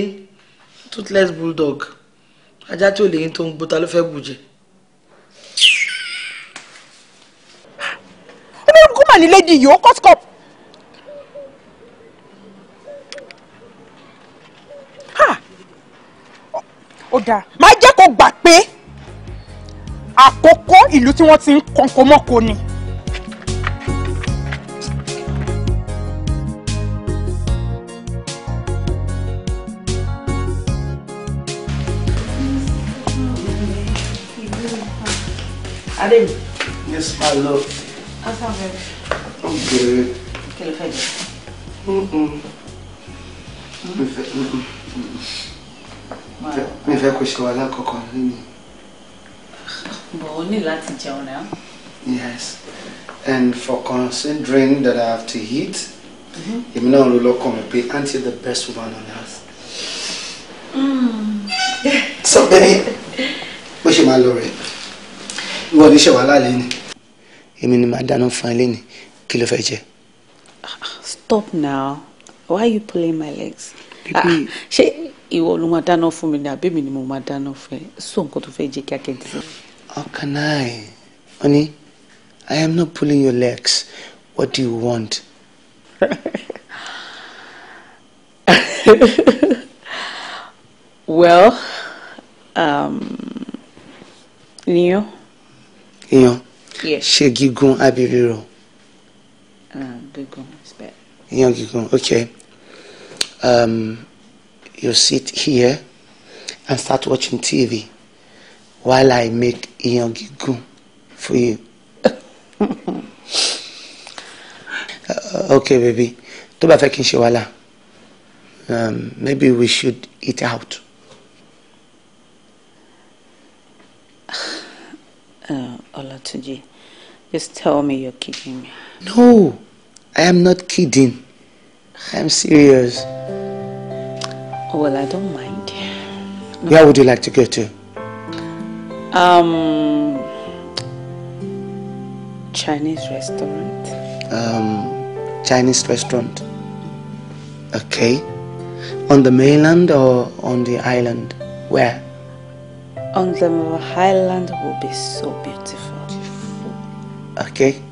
toothless bulldog ajá tí ò lè yín tó ń gbó ta ló fẹ́ bùjẹ́. ẹ bẹ́ẹ̀ kó mà ní lady yìí ó cut cup. ó dáa máa jẹ́ kó gbà pé àkókò ìlú tí wọ́n ti ń kọ́ńkọ́ mọ́kò ni. Adem. Yes, my love. How's that, baby? I'm good. Kí lo fẹ́ jẹ? Mi fẹ́ kó ṣe wa lákọ̀ọ́kọ́ lónìí. But o ní láti jẹun náà. Yes. And for considering that I have to eat, èmi náà ló lọ́kàn mi pé aunty the best woman on earth. Mm. so bẹ́ẹ̀ bó ṣe máa lọ rẹ̀ ìwọ ní ṣe wàhálà lẹ́ni. èmi ni màá dáná fún ẹ lẹ́ni kí ló fẹ́ jẹ. stop now why you pulling my legs. Ah, ṣé ìwọ ló máa dáná fún mi ni àbí mi ni mo máa dáná fún ẹ sọ nǹkan tó fẹ́ jẹ kí akẹ́kẹ́ sí. ọkàn náà honey I am not pulling your legs what do you want. well um, know. èèyàn ṣe gígùn àbí rírọ̀. Ah, gígùn is better. èèyàn gígùn okay um, you sit here and start watching TV while I make èèyàn gígùn for you. uh, okay baby tó bá fẹ́ um, maybe we should eat out. Olatunji, just tell me you're kidding me. No, I am not kidding. I'm serious. Well, I don't mind. No. Where would you like to go to? Um, Chinese restaurant. Um, Chinese restaurant. Okay. On the mainland or on the island? Where? on the highland will be so beautiful. Okay?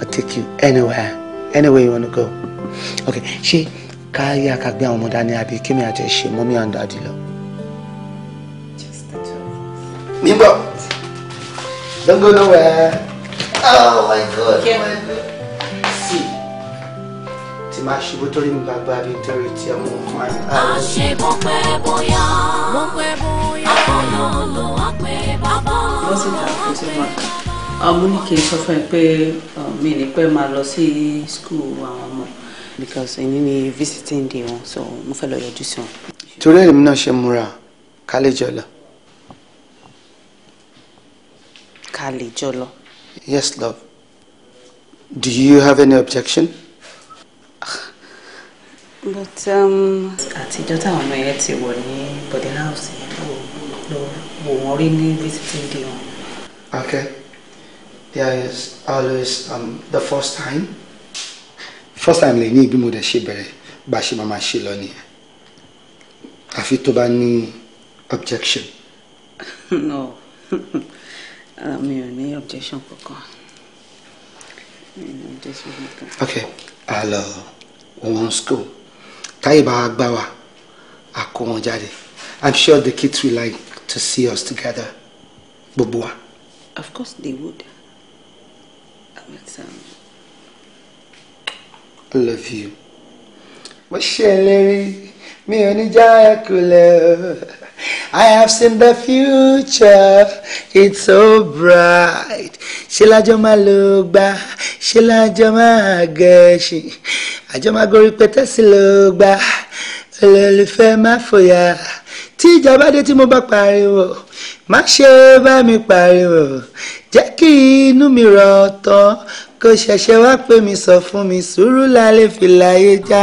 I'll take you anywhere. Anywhere you want to go. Okay, she ká yá ká gbé àwọn ọmọ dání àbí kí mi and daddy lọ. Just the two of us. Nígbà! Don't go nowhere. Oh my God! Okay, My God. See, tí máa ṣubú torí mi gbàgbọ́ àbí torí tí ọmọ mi máa ń. Àṣebọ̀ pẹ́ bóyá lọ́sìtà kò sí wà ọmọ ní kí n sọ fún ẹ pé mi ní pẹ́ máa lọ sí school àwọn ọmọ because èyí ni visiting day wọn so mo fẹ́ lọ yọjú sí wọn. torí èmi náà ṣe múra ká lè jọ lọ. yes love do you have any objection. but um, àtijọ́ táwọn ọmọ yẹn ti wọ̀ ní body house yẹn lọ wò wọ́n okay there is always um, the first time first time Lenny, ní more than dẹ̀ ṣe bẹ̀rẹ̀ bá a ṣe máa máa ṣe lọ nìyẹn objection. no uh, I'm ò ní objection kankan mi ò ní objection kankan. okay àlọ́ wọn school táyé bá gbá wa a kó wọn i'm sure the kids will like to see us together, Bubua? Of course they would. But, um... I love you. I have seen the future, it's so bright. Ṣílájọ́ máa ló Shila ṣílájọ́ geshi. gẹ̀ẹ́sì. Àjọ máa gorí pẹ̀tẹ́sì ló gbà, olólùfẹ́ máa fòyà. tí ìjà bá dé tí mo bá pariwo má ṣe bá mi pariwo jẹ́ kí inú mi rọ̀ tán kò ṣẹ̀ṣẹ̀ wá pé mi sọ fún mi sùúrù lálẹ́ fi láyé já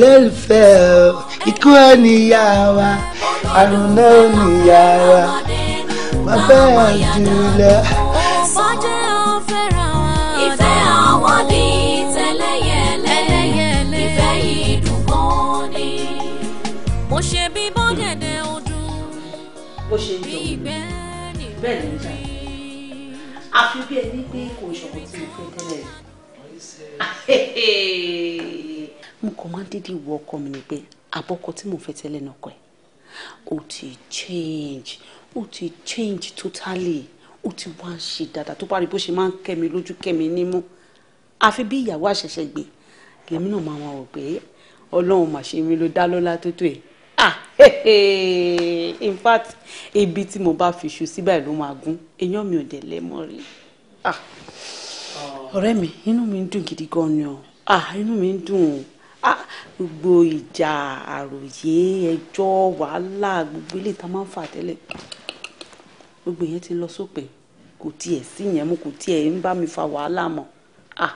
lẹ́lẹ́fẹ́ ikú ẹ̀ níyà wa àrùn náà níyà wa má bẹ́ẹ̀ jùlọ. àfi bí ẹni pé kò ṣọ̀kan tí mo fẹ́ tẹ́lẹ̀ mo kàn máa ń dídí wọ ọkọ mi ni pé àbọ̀kọ tí mo fẹ́ tẹ́lẹ̀ náà kọ́ ẹ̀ ó ti change ó ti change totally ó ti wá ń ṣe dáadáa tó bá rí bó ṣe máa ń kẹ́mi lójú kẹ́mi nímú àfi bí ìyàwó àṣẹ̀ṣẹ̀ gbé lèmi náà máa wà ó pé ọlọ́run màṣẹ́ mi ló dá lọ́lá tó tó yìí ah in fact ibi tí mo bá fi ṣu sí báyìí ló máa gún èèyàn mi ò dẹ̀ lẹ́mọ́ rí ah ọ̀rẹ́ mi inú mi ń dùn gidi gan ni o ah inú mi ń dùn ah gbogbo ìjà àròyé ẹjọ́ wàhálà gbogbo ilé ìta máa ń fà tẹ́lẹ̀ gbogbo yẹn ti lọ sópin kò tiẹ̀ sí yẹn mo kò tiẹ̀ ń bá mi fa wàhálà mọ́ ah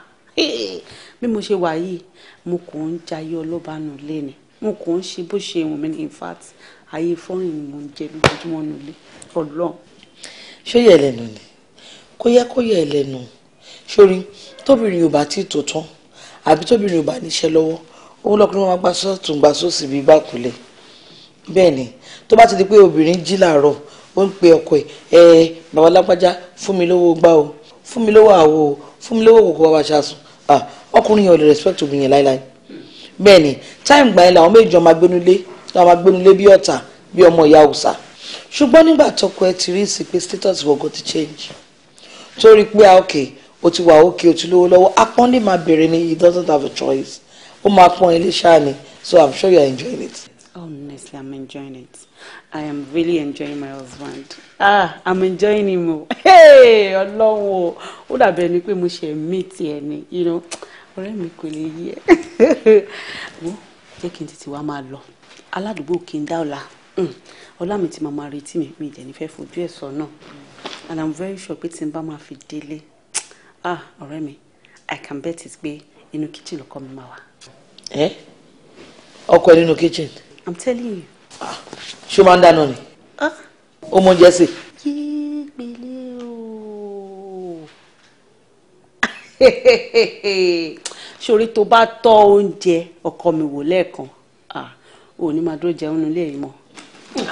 bí mo ṣe wà yìí mo kò ń jayé ọlọ́ba nù mo kàn ń ṣe bó ṣe wù mí in fact ayé fọ́rin ni mo ń jẹ lójoojúmọ́ nílé ọlọ́run. ṣé yẹ ẹlẹ́nu ni kó yẹ kó yẹ ẹlẹ́nu sórí tóbìnrin ò bá tí ì tó tán àbí tóbìnrin ò bá níṣẹ́ lọ́wọ́ òun lọ́kùnrin wọn gbà sọ́tún gbà sósì bíi bákulẹ̀ bẹ́ẹ̀ ni tó bá ti di pé obìnrin jí làárọ̀ ó ń pe ọkọ ẹ ẹ bàbá lágbájá fún mi lówó gbá o fún mi lówó àwo o fún mi lówó kòkó bàbá ṣáṣùn ọkùnrin yẹn ò lè respect obìnrin yẹn láéláé bẹ́ẹ̀ ni táìmù gbà yẹn làwọn méjì ọmọ agbẹnulé làwọn agbẹnulé bí ọ̀tá bí ọmọ ìyá òòsà ṣùgbọ́n nígbà tọkọ ẹ ti rí ìsìn status gbogbo ti change torí pé ah, ok o ti wà ok o ti lówó lọ́wọ́ apọ́nlé máa bèrè ni he doesn't have a choice ó máa pọ́n ilé ṣáà so i'm sure you are enjoying it. honestly i'm enjoying it i am really enjoying my husband ah i'm enjoying him o hey, o ó dàbí ẹni pé mo ṣe meet ẹ ni ọ̀rẹ́ mi kò lè yí ẹ. wọ́n jẹ́ kí n tètè wá máa lọ aládùúgbò kí n dá ọ̀la hmm, ọlá mi ti máa máa retí mi mi ìdẹ̀ nífẹ̀ẹ́ fojú ẹ̀ sọ náà and i'm very sure pé tí n bá máa fi délé ah ọ̀rẹ́ mi i can bet it pé inú kitchen lọkọ mi máa wà. ẹ ọkọ ẹ nínú kitchen. i'm telling you. Ah, ṣé o máa ń dáná ni. Ah. ó mọ oúnjẹ sè. yéé pẹ̀lẹ́ sórí tó bá tọ́ oúnjẹ ọkọ mi wò lẹ́ẹ̀kan ò ní máa dúró jẹun nílé yìí mọ́.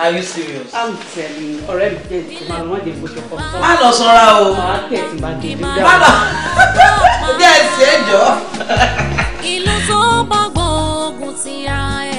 Are you serious? I'm telling you, ọ̀rẹ́ mi jẹ́ ìtumọ̀ máa wọ́n dé fojú kọ́. Má lọ sanra o. Màá tẹ̀ tí máa dé Má lọ bí ẹ̀sìn ẹ̀jọ́. Ìlú tó bá gbọ́ ogun ti ra ẹ̀.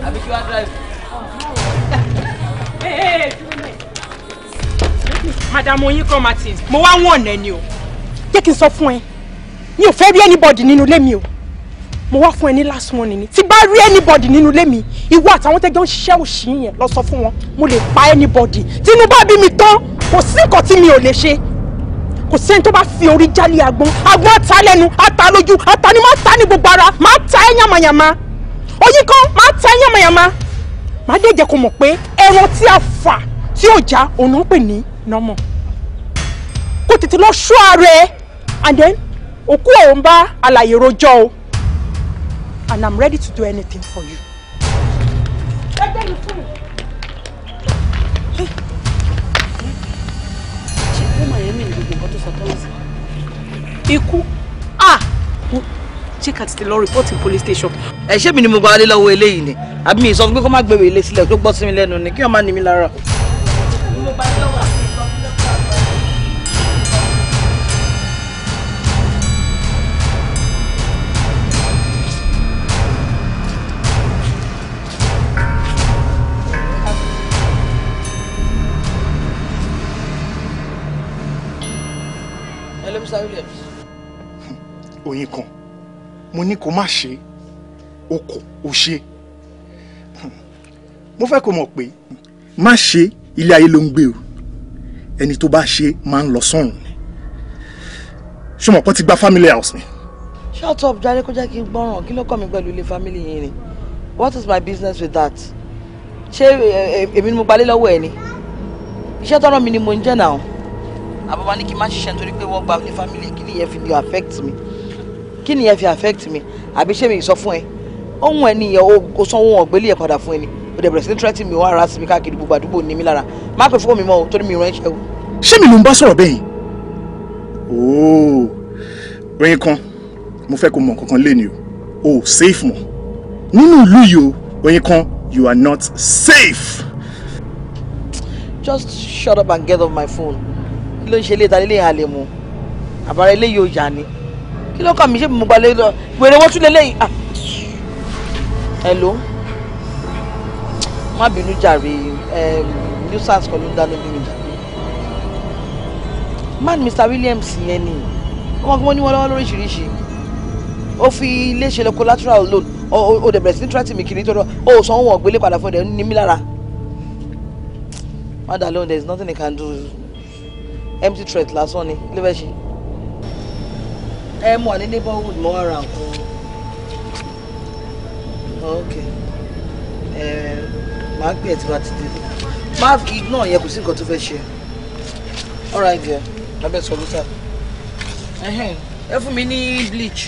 Àbí kí wá drive. Madam Oyinkan Martins, mo wá wọ̀n ẹ ni o. Jẹ́ kí n sọ fún ẹ, mi ò fẹ́ rí anybody nínú ilé mi o. Mo wá fún ẹ ní last warning ni. Tí bá rí anybody nínú ilé mi, ìwọ àtàwọn tẹ́jọ́ ń ṣiṣẹ́ òṣì yẹn lọ sọ fún wọn, mo lè pa anybody. Tínú bá bí mi tán, kò sí nǹkan tí mi ò lè ṣe kò sẹ́ni tó bá fi orí jálẹ̀ àgbọn àgbọn ata lẹ́nu ata lójú ata ni máa ta ní gbogbo ara máa ta ẹ́ yàmàyàmà oyin kan máa ta ẹ́ yàmàyàmà máa dé jẹ́ kó mọ̀ pé ẹran tí a fà tí ò já òun ń pè ní nọ́mọ̀ kó tètè lọ ṣọ́ ara and then òkú òun bá àlàyé rojọ́ o and i'm ready to do anything for you. ẹgbẹ́ ikú ah ṣé ká ti lọ rìpọ́tì police station. ẹ ṣé mi ni mo gba alẹ́ lọ́wọ́ eléyìí ni àbí mi sọ fún pé kó má gbèrò ilé sílẹ̀ tó gbọ́ sí mi lẹ́nu ni kí wọ́n má ní mi lára. mo gba alẹ́ lọ́wọ́ yín kan mo ní kó má ṣe o kò o ṣe hmm. mo fẹ́ kó mọ̀ pé má ṣe ilé ayé ló ń gbé o ẹni tó bá ṣe máa ń lọ sọ́run ni ṣọmọ pọ́n ti gba family house ni. shut up jare kó jẹ́ kí n gbọ́ràn kí ló kọ́ mi pẹ̀lú ilé family yìí ni what is my business with that ṣé eh, eh, èmi ni mo gbalé lọ́wọ́ ẹ ni iṣẹ́ tọ́rọ mi ni mo ń jẹ́ náà àbúrò wa ní kí n má ṣiṣẹ́ nítorí pé wọ́n gba ilé family kí nìyẹn fi affect mi kí nìyẹn fi affect me. àbí ṣé mi sọ fún ẹ ohun ẹ nìyẹn o sanwó ọ̀gbẹ́lì ẹ̀ padà fún ẹ ni o dẹ̀ bẹ̀rẹ̀ sí tírẹ́tì mi wá ara sí mi káàkiri gbogbo àdúgbò ní mi lára má pè fún mi mọ́ o torí mi ràn o. ṣé mi ló ń bá sọ̀rọ̀ bẹ́ẹ̀ ooo oyin kan mo fẹ́ kó mọ̀ kankan lẹ́nu o o safe mọ̀ nínú ìlú yìí o oyin kan you are not safe. just shut up and get off my phone kí ló ń ṣe ilé ìtàlélẹ́yìn àlè mu àbára ilé yóò yà ni kí ló kàn mí ṣé mo gbalẹ̀ lọ wèrè owó tún lé lẹ́yìn ah hello má bínú jàre nuisance kan ló ń dáná bí mi man Mr. Williams yẹn ni ọmọ gbọ́n ní wọ́n lọ́wọ́ lóríṣiríṣi ó fi ilé ṣe lọ collateral loan ó dẹ̀ bẹ̀rẹ̀ sí ní tíráàtì mi kiri nítorí ó sanwó wọn gbélé padà fún ẹ̀ ní mí lára má dà there is nothing he can do empty threat lásán ni ilé fẹ́ ẹ mọ̀ ní neighborhood mọ́ ara nǹkan ok ẹ máa gbé ẹ̀ tí wàá ti dé máàkì náà yẹ kò sí nǹkan tó fẹ́ ṣe all right girl abẹ́ sọ ló ẹ fún mi ní bleach.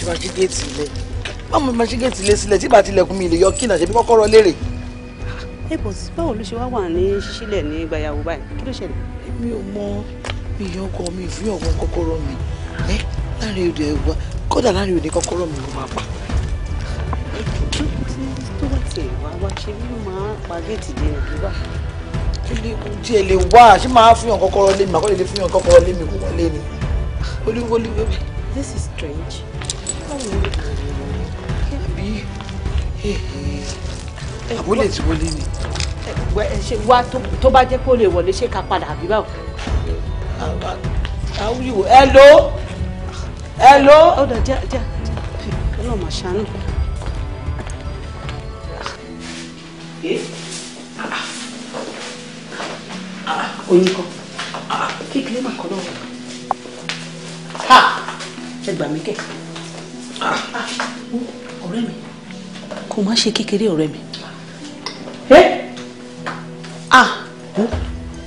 ṣe ilé báwo máa ṣí ilé sílẹ̀ tí bá tilẹ̀kùn mi lè yọ kí náà ṣe bí kọ́kọ́rọ́ lérè. ẹ bọ̀ sí báwo ló ṣe wá wà ní ṣíṣílẹ̀ ní gbayàwó báyìí kí ló ṣẹlẹ̀. mi ò mọ mi ọkọ mi ìfún ọkọ kọ́kọ́rọ́ mi ẹ láàrin òde ẹwà kódà láàrin òde kọ́kọ́rọ́ mi ló máa pa. tó bá ti wá wá ṣe bí máa pa géètì dé nàìjíríà tí ẹ lè wá ṣé máa fi hàn kọ́kọ́rọ́ lé mi àkọ́lé lè fi hàn kọ́kọ́rọ́ lé mi kó wọlé ni. olúwo olúwo. this is strange. àbó lè ti wọlé ni. ṣe wá tó bá jẹ́ kó lè wọlé ṣé ká padà àbí báwo. àwùjọ ẹ ló ẹ ló. ọ̀dọ̀ jẹ́ jẹ́ ọlọ́mọ ṣàánú. oyin kan kékeré mà kọ́ lọ́wọ́ ẹ gbà mí kẹ́ ah. ọ̀rẹ́ mi kò má ṣe kékeré ọ̀rẹ́ mi.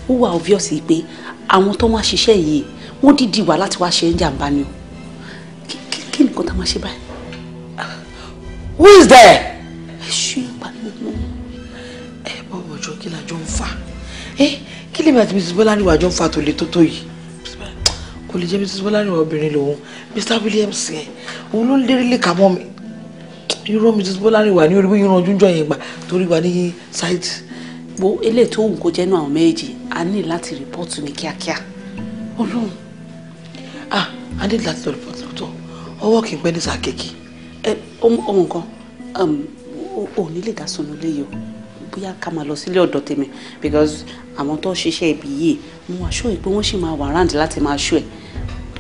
ó wà obvious pé àwọn tó wá ṣiṣẹ́ yìí wọ́n dídì wá láti wá ṣe ń jàǹbá ni o kí ni nǹkan tá a máa ṣe báyìí. who is there. ẹ ṣú ìgbà gbogbo. ẹ bọ́ ọ̀jọ́ kí la jọ ń fà ẹ kí lèmi àti mrs bọ́láni wà jọ ń fà tó le tó tó yìí kò lè jẹ́ mrs bọ́láni wà obìnrin lòun mr williams yẹn òun ló ń lérí lè kà mọ́ mi irọ́ mrs bọ́láni wà ní orí bí irun ọdún jọ yẹn gbà torí wà ní site wo eléyìí tó wù kó jẹ́ nú àwọn méjì a ní láti rìpọ́ọ̀tù ní kíákíá. Ọlọ́run ah a ní report rìpọ́ọ̀tù lọ́tọ̀ ọwọ́ kì í pẹ́ ní sàkéèkì. ẹ ọmọ nǹkan um, ò ní lè dá sunu léyìí o bóyá ká máa lọ sílé ọ̀dọ̀ tèmi because àwọn tó ń ṣiṣẹ́ ibi yìí mo wá ṣó ẹ pé wọ́n sì máa wà ráǹdì láti máa ṣó ẹ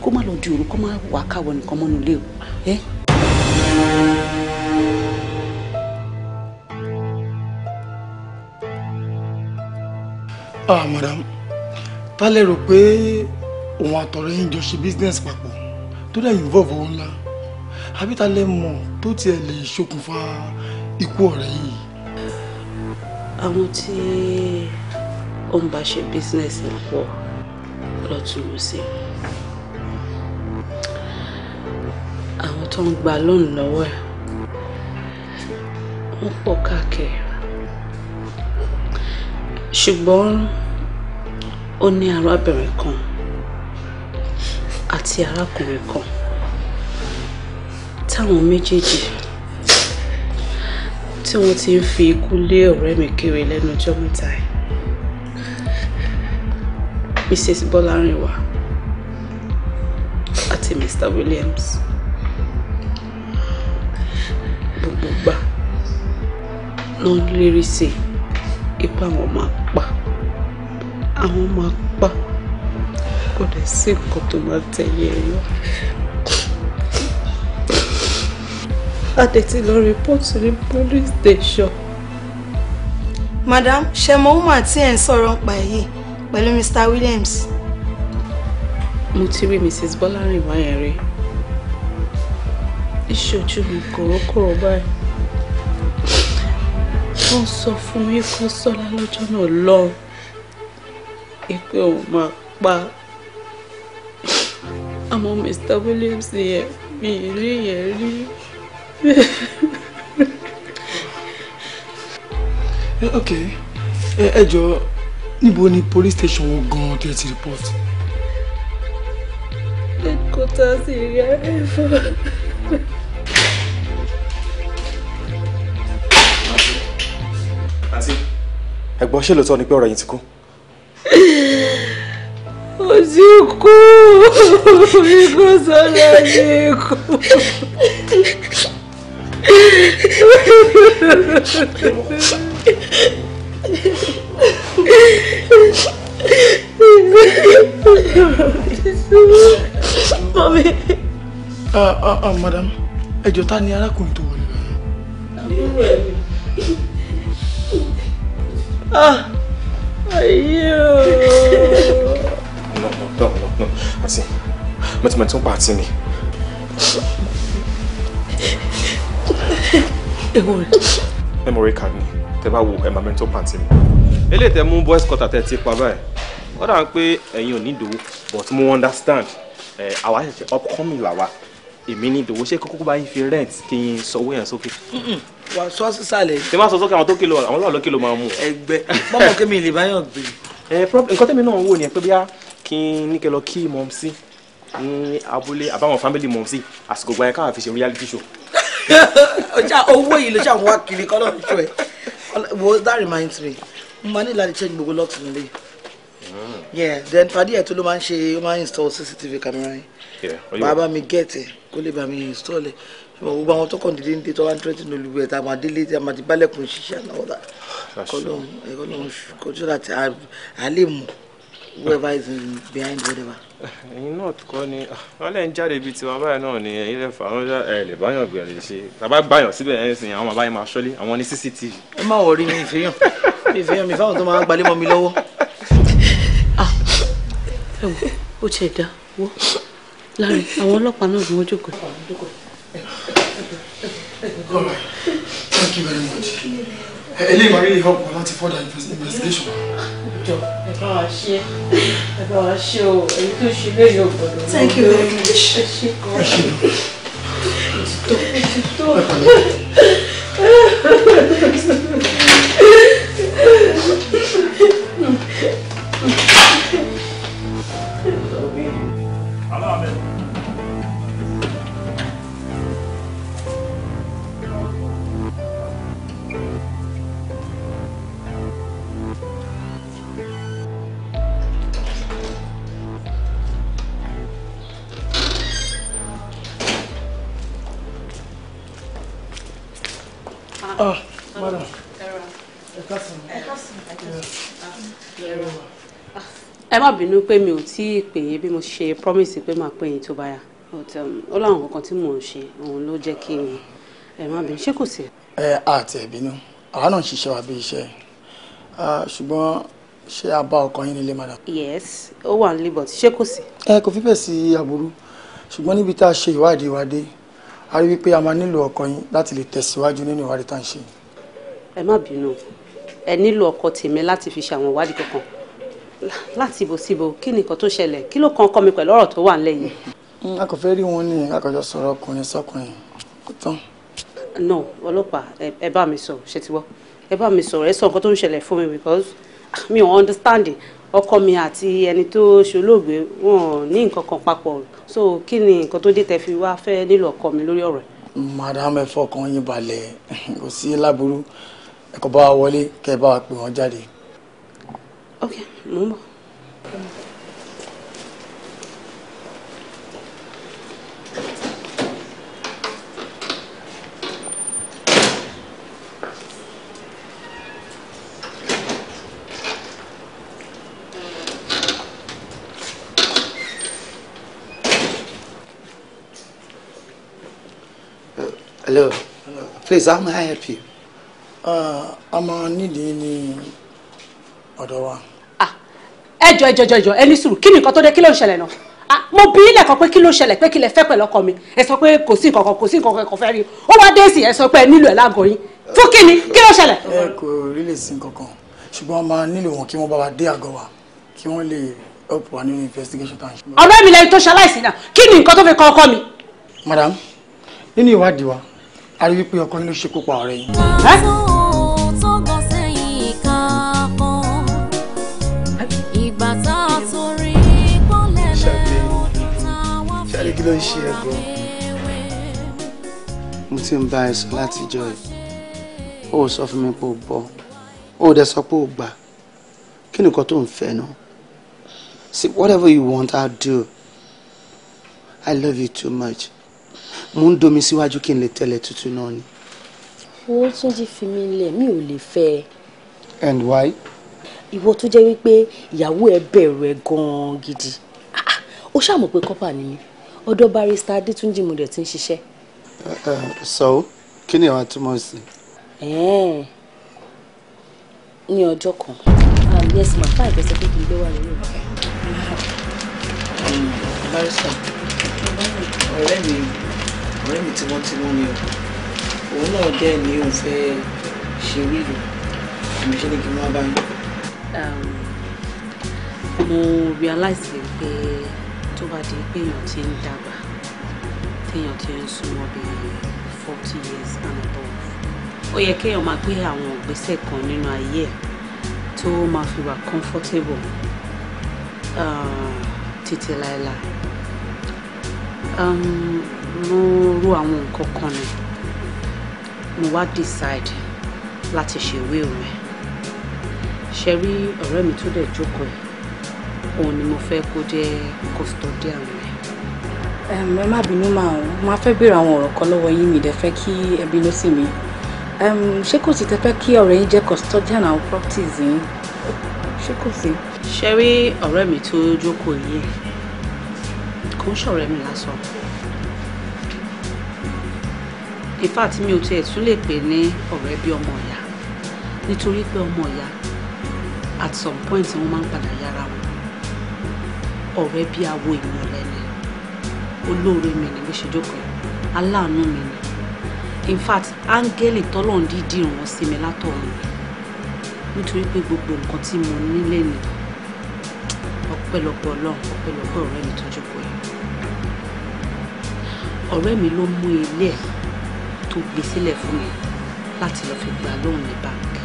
kó má lọ di òru kó má wà káwọ nìkan mọ́nu ilé o. ah Madame, ta lẹ rò pé òun àtọ̀rẹ́ yín jọ business papọ̀ tó dẹ̀ involve owó ńlá àbí ta lẹ mọ̀ tó tiẹ̀ lè ṣokùnfà ikú ọ̀rẹ́ yìí. àwọn tí ó ń bá ṣe business ń pọ̀ lọ́tún lọ́sẹ̀ àwọn tó ń gba lónìí lọ́wọ́ ẹ̀ wọ́n pọ̀ káàkiri ṣùgbọ́n ó ní arábìnrin kan àti arákùnrin kan táwọn méjèèjì tí wọ́n ti ń fi ikú lé ọ̀rẹ́ mi kiri lẹ́nu ọjọ́ mẹ́ta yìí Mrs. Bọ́lárìnwá àti Mr. Williams gbogbo gbà ló ń lérí sí ipá wọn máa àwọn máa pa kò dẹ̀ sí nǹkan tó máa tẹ̀yẹ ẹ̀yọ́. a dẹ̀ ti lọ rìpọ́tù ní police station. madam ṣe mọ woman tí ẹ̀ ń sọ̀rọ̀ ń pa èyí pẹ̀lú mr williams. mo ti rí mrs bọ́lárìn báyẹn rí ìṣojú mi kòrókòrò báyìí wọ́n sọ fún mi kó sọ́lá lọ́jọ́ náà lọ́rùn ìpè ò máa pa àmọ́ Mr. Williams yẹn mi ì rí yẹn rí. Eh, ok ẹ eh, ẹ jọ níbo ni police station wọn gan-an tẹ́ ti report. headquarters area ẹ̀fọ́. ẹ̀gbọ́n ṣé lóòótọ́ ni pé ọ̀rọ̀ yìí ti kú ti kú ikú sọlá ti kú. Mami. Ah, ah, ah, madam, ẹ jọ̀ọ́ ta ni arákùnrin tó wọlé lọ? Ah, ayé o no no no àti mo ti mọ̀ tó ń pa àti mi. memory card ni tẹ bá wo ẹ̀ma mẹ́tọ́ pàǹtí mi. eléyìí tẹ mú boys quarter tẹ ti pa báyìí wọ́n dà ń pé but mo understand àwa ṣẹ̀ṣẹ̀ upcoming làwa èmi ní ìdòwò ṣé kókó bá yín fi rent kí n sanwó yẹn sókè. wà á sọ sísàlẹ̀. tí wọ́n sọ sókè àwọn tó kìlọ̀ àwọn lọ́ọ̀lọ́ kìlọ̀ máa mú. ẹgbẹ́ mọ́mọ́ kémi lè bá yàn gbé. nǹkan tẹ́mi náà ń wò ni ẹ pé bíyà kí níkẹ́ lọ kí mọ̀ ní abúlé àbáwọn family mọ̀ àsìkò gbọ́n káwọn fi ṣe reality show. owó yìí ló ṣe àwọn akiri kọ́ lọ́dún tó ẹ̀ wo that reminds me mo máa ní láti change gbogbo locks nílé yeah then pàdé ẹ̀ tó ló máa ń ṣe ó máa ń install cctv camera yẹn bàbá mi get ẹ̀ kó lè bá mi install ẹ̀ gbogbo àwọn tó kàn dídé ní tó wá ń tẹ́tí ní olùgbé ẹ̀ta àwọn adélé tí a máa ti bálẹ̀kùn ṣiṣẹ́ náà kọ́ lóun ẹ̀kọ́ lóun kọjú láti àlè mọ̀ whoever is in behind whatever. ẹ̀yin náà kọ́ ni wọ́n lẹ́yìn jáde ibi tiwọn báyìí náà ni ẹ̀yin lè fà wọ́n ẹ̀ lè báyàn gbé lè ṣe tàbá gbàyàn síbẹ̀ ẹ̀ sìn àwọn àbáyé máa ṣọ́lé àwọn ní CCTV. ẹ má wọrí mi ìfẹ́yàn mi ìfẹ́yàn mi fáwọn tó máa ń gbalé mọ́ mi lọ́wọ́. Ah, ẹ wo ó tiẹ̀ dá wọ́ láàrin àwọn ọlọ́pàá náà ni wọ́n jókòó. All Thank you very much. Eh, eléyìí máa really help láti further investigation. jọ ẹ bá wa ṣe ẹ bá wa ṣe o èyí tó ṣe lóye ò thank you very much. ẹ ṣe kọ́ ẹ ṣe tó ẹ ṣe tó. Thank you. Ah, madam. Ẹ má bínú pé mi ò tí ì pè é bí mo ṣe promise pé màá pè yín tó bá yá. Um, ó láwọn kankan tí mò ń ṣe òun ló jẹ́ kí n ẹ má bínú. Ṣé kò sí? Ẹ àti ẹ̀ bínú. Àwa náà ń ṣiṣẹ́ wa bí iṣẹ́. Ṣùgbọ́n ṣé a bá ọkọ yín nílé madam. Yes, ó wà nílé bọ̀tí. Ṣé kò sí? Ẹ kò fi bẹ́ẹ̀ sí aburú. Ṣùgbọ́n níbi tá a ṣe ìwádìí wa dé a rí wípé a máa nílò ọkọ yín láti lè tẹ̀síwájú nínú ìwádìí tá à ń ṣe. ẹ má bínú ẹ nílò ọkọ tèmi láti fi ṣe àwọn ìwádìí kankan láti ibo síbo kí ni tó ṣẹlẹ̀ kí ló kan ọkọ mi pẹ̀lú ọ̀rọ̀ tó wà nílẹ̀ yìí. Hmm, a kò fẹ́ rí wọn ní àkàjọ sọ̀rọ̀ ọkùnrin sọkùnrin kò tán. no ọlọ́pàá ẹ bá mi sọ ṣe ti wọ́ ẹ bá mi sọ̀rọ̀ ẹ sọ nǹkan tó ń ṣẹlẹ̀ fún mi because mi ò understand ọkọ mi àti ẹni tó ṣolóògbé wọn ò ní nǹkan kan papọ̀ so kí ni nǹkan tó dé tẹ́ fi wá fẹ́ nílò ọkọ mi lórí ọ̀rọ̀ yìí. madam ẹ fọkàn yín balẹ̀ kò sí láburú ẹ̀kọ́ bá wa wọlé kẹ́ ẹ bá wa pè wọ́n jáde. ok mo ń bọ̀. Hello. Hello. Please, how may I help you? a uh, máa nídìí ní ọ̀dọ̀ wa. Ah, ẹjọ ẹjọ ẹjọ ẹjọ ẹ ní sùúrù kí ni nǹkan tó dé kí ló ń ṣẹlẹ̀ náà ah, mo bí ilẹ̀ kan pé kí ló ṣẹlẹ̀ pé kí lẹ fẹ́ pẹ̀lú ọkọ mi ẹ sọ pé kò sí nǹkan kan kò sí nǹkan kan kò fẹ́ rí ó wá dé sí ẹ sọ pé ẹ nílò ẹ lágọ̀ọ́ yín fún kí ni kí ló ṣẹlẹ̀. ẹ kò rí lè sin kankan ṣùgbọ́n a máa nílò wọn kí wọ́n bá wa dé àgọ́ wa kí wọ́n lè help wa nínú investigation time. ọ̀rẹ́ mi lẹ́yìn tó ṣaláìsí náà kí ni nǹkan tó mi. madam nínú ìwádìí wa a rí wípé ọkùnrin ló ṣekú pa ọ̀rẹ́ yìí. ìgbà tá a torí mo ti ń bá ẹ sọ látijọ́ ẹ ó sọ fún mi pé ó bọ́ ó dẹ̀ sọ pé ó gbà kí ni nǹkan tó ń fẹ́ náà see whatever you want I'll do I love you too much mo ń domi síwájú kí n lè tẹ̀lé tuntun náà ni. owó tún jí fi mi lẹ̀ mi ò lè fẹ́ and why. ìwọ tó jẹ́ wípé ìyàwó ẹ bẹ̀rù ẹ gan-an gidi ó ah, ah, ṣàmọ̀ pé kọ́pà ni mí ọ̀dọ̀ barista adétúnjì mo dẹ̀ ti ń ṣiṣẹ́. Eh, eh, so kí ni àwọn túmọ̀ sí. ní ọjọ́ kan ah, yes ma fáì bẹ́sẹ̀ pé kì í gbé wà lórí òkè. barista ọ̀rẹ́ mi ọ̀rẹ́ mi tímọ́tímọ́ ni o òun náà dẹ́ ni òun fẹ́ ṣe wíìlì àmì ṣe ni kí n wá báyìí. mo realize pé tó bá di pé èèyàn ti ń dàgbà téèyàn ti ń súnmọ́ bí forty years and above ó yẹ kéèyàn máa gbé àwọn ìgbésẹ̀ kan nínú ayé ẹ̀ tó máa fi wà comfortable ah, títí láéláé ló rú àwọn nǹkan kan ni mo wá decide láti ṣèwé mi ṣe rí ọ̀rẹ́ mi tó dẹ̀ jókòó yìí òun ni mo fẹ́ kó jẹ́ custodian mi. ẹ má bínú máa ń máa fẹ́ béèrè àwọn ọ̀rọ̀ kan lọ́wọ́ yín mi dẹ̀ fẹ́ kí ẹ bínú sí mi ṣé kò sí tẹ́fẹ́ kí ọ̀rẹ́ yín jẹ́ custodian àwọn properties yín ṣé kò sí. ṣe rí ọ̀rẹ́ mi tó jókòó yìí kò ń ṣọ̀rẹ́ mi lásán in fact mi ò tiẹ̀ tún lè pè ní ọ̀rẹ́ bí ọmọ ìyá nítorí pé ọmọ ìyá at some point wọ́n máa ń padà yára wọn ọ̀rẹ́ bí awo ìmọ̀lẹ́ ni olóore mi ni bí ṣèjókòó aláàánú mi ni in fact áńgẹ́lì tọ́lọ́run dídì ìrànwọ́ sí mi látọ̀run nítorí pé gbogbo nǹkan tí mo nílé ni ọpẹ́lọpẹ́ Ọlọ́run ọpẹ́lọpẹ́ ọ̀rẹ́ mi tó jókòó yìí ọ̀rẹ́ mi ló mú ilé ẹ̀ tó gbé sílẹ̀ fún mi láti lọ́ọ́ fi gba lóun ní báńkì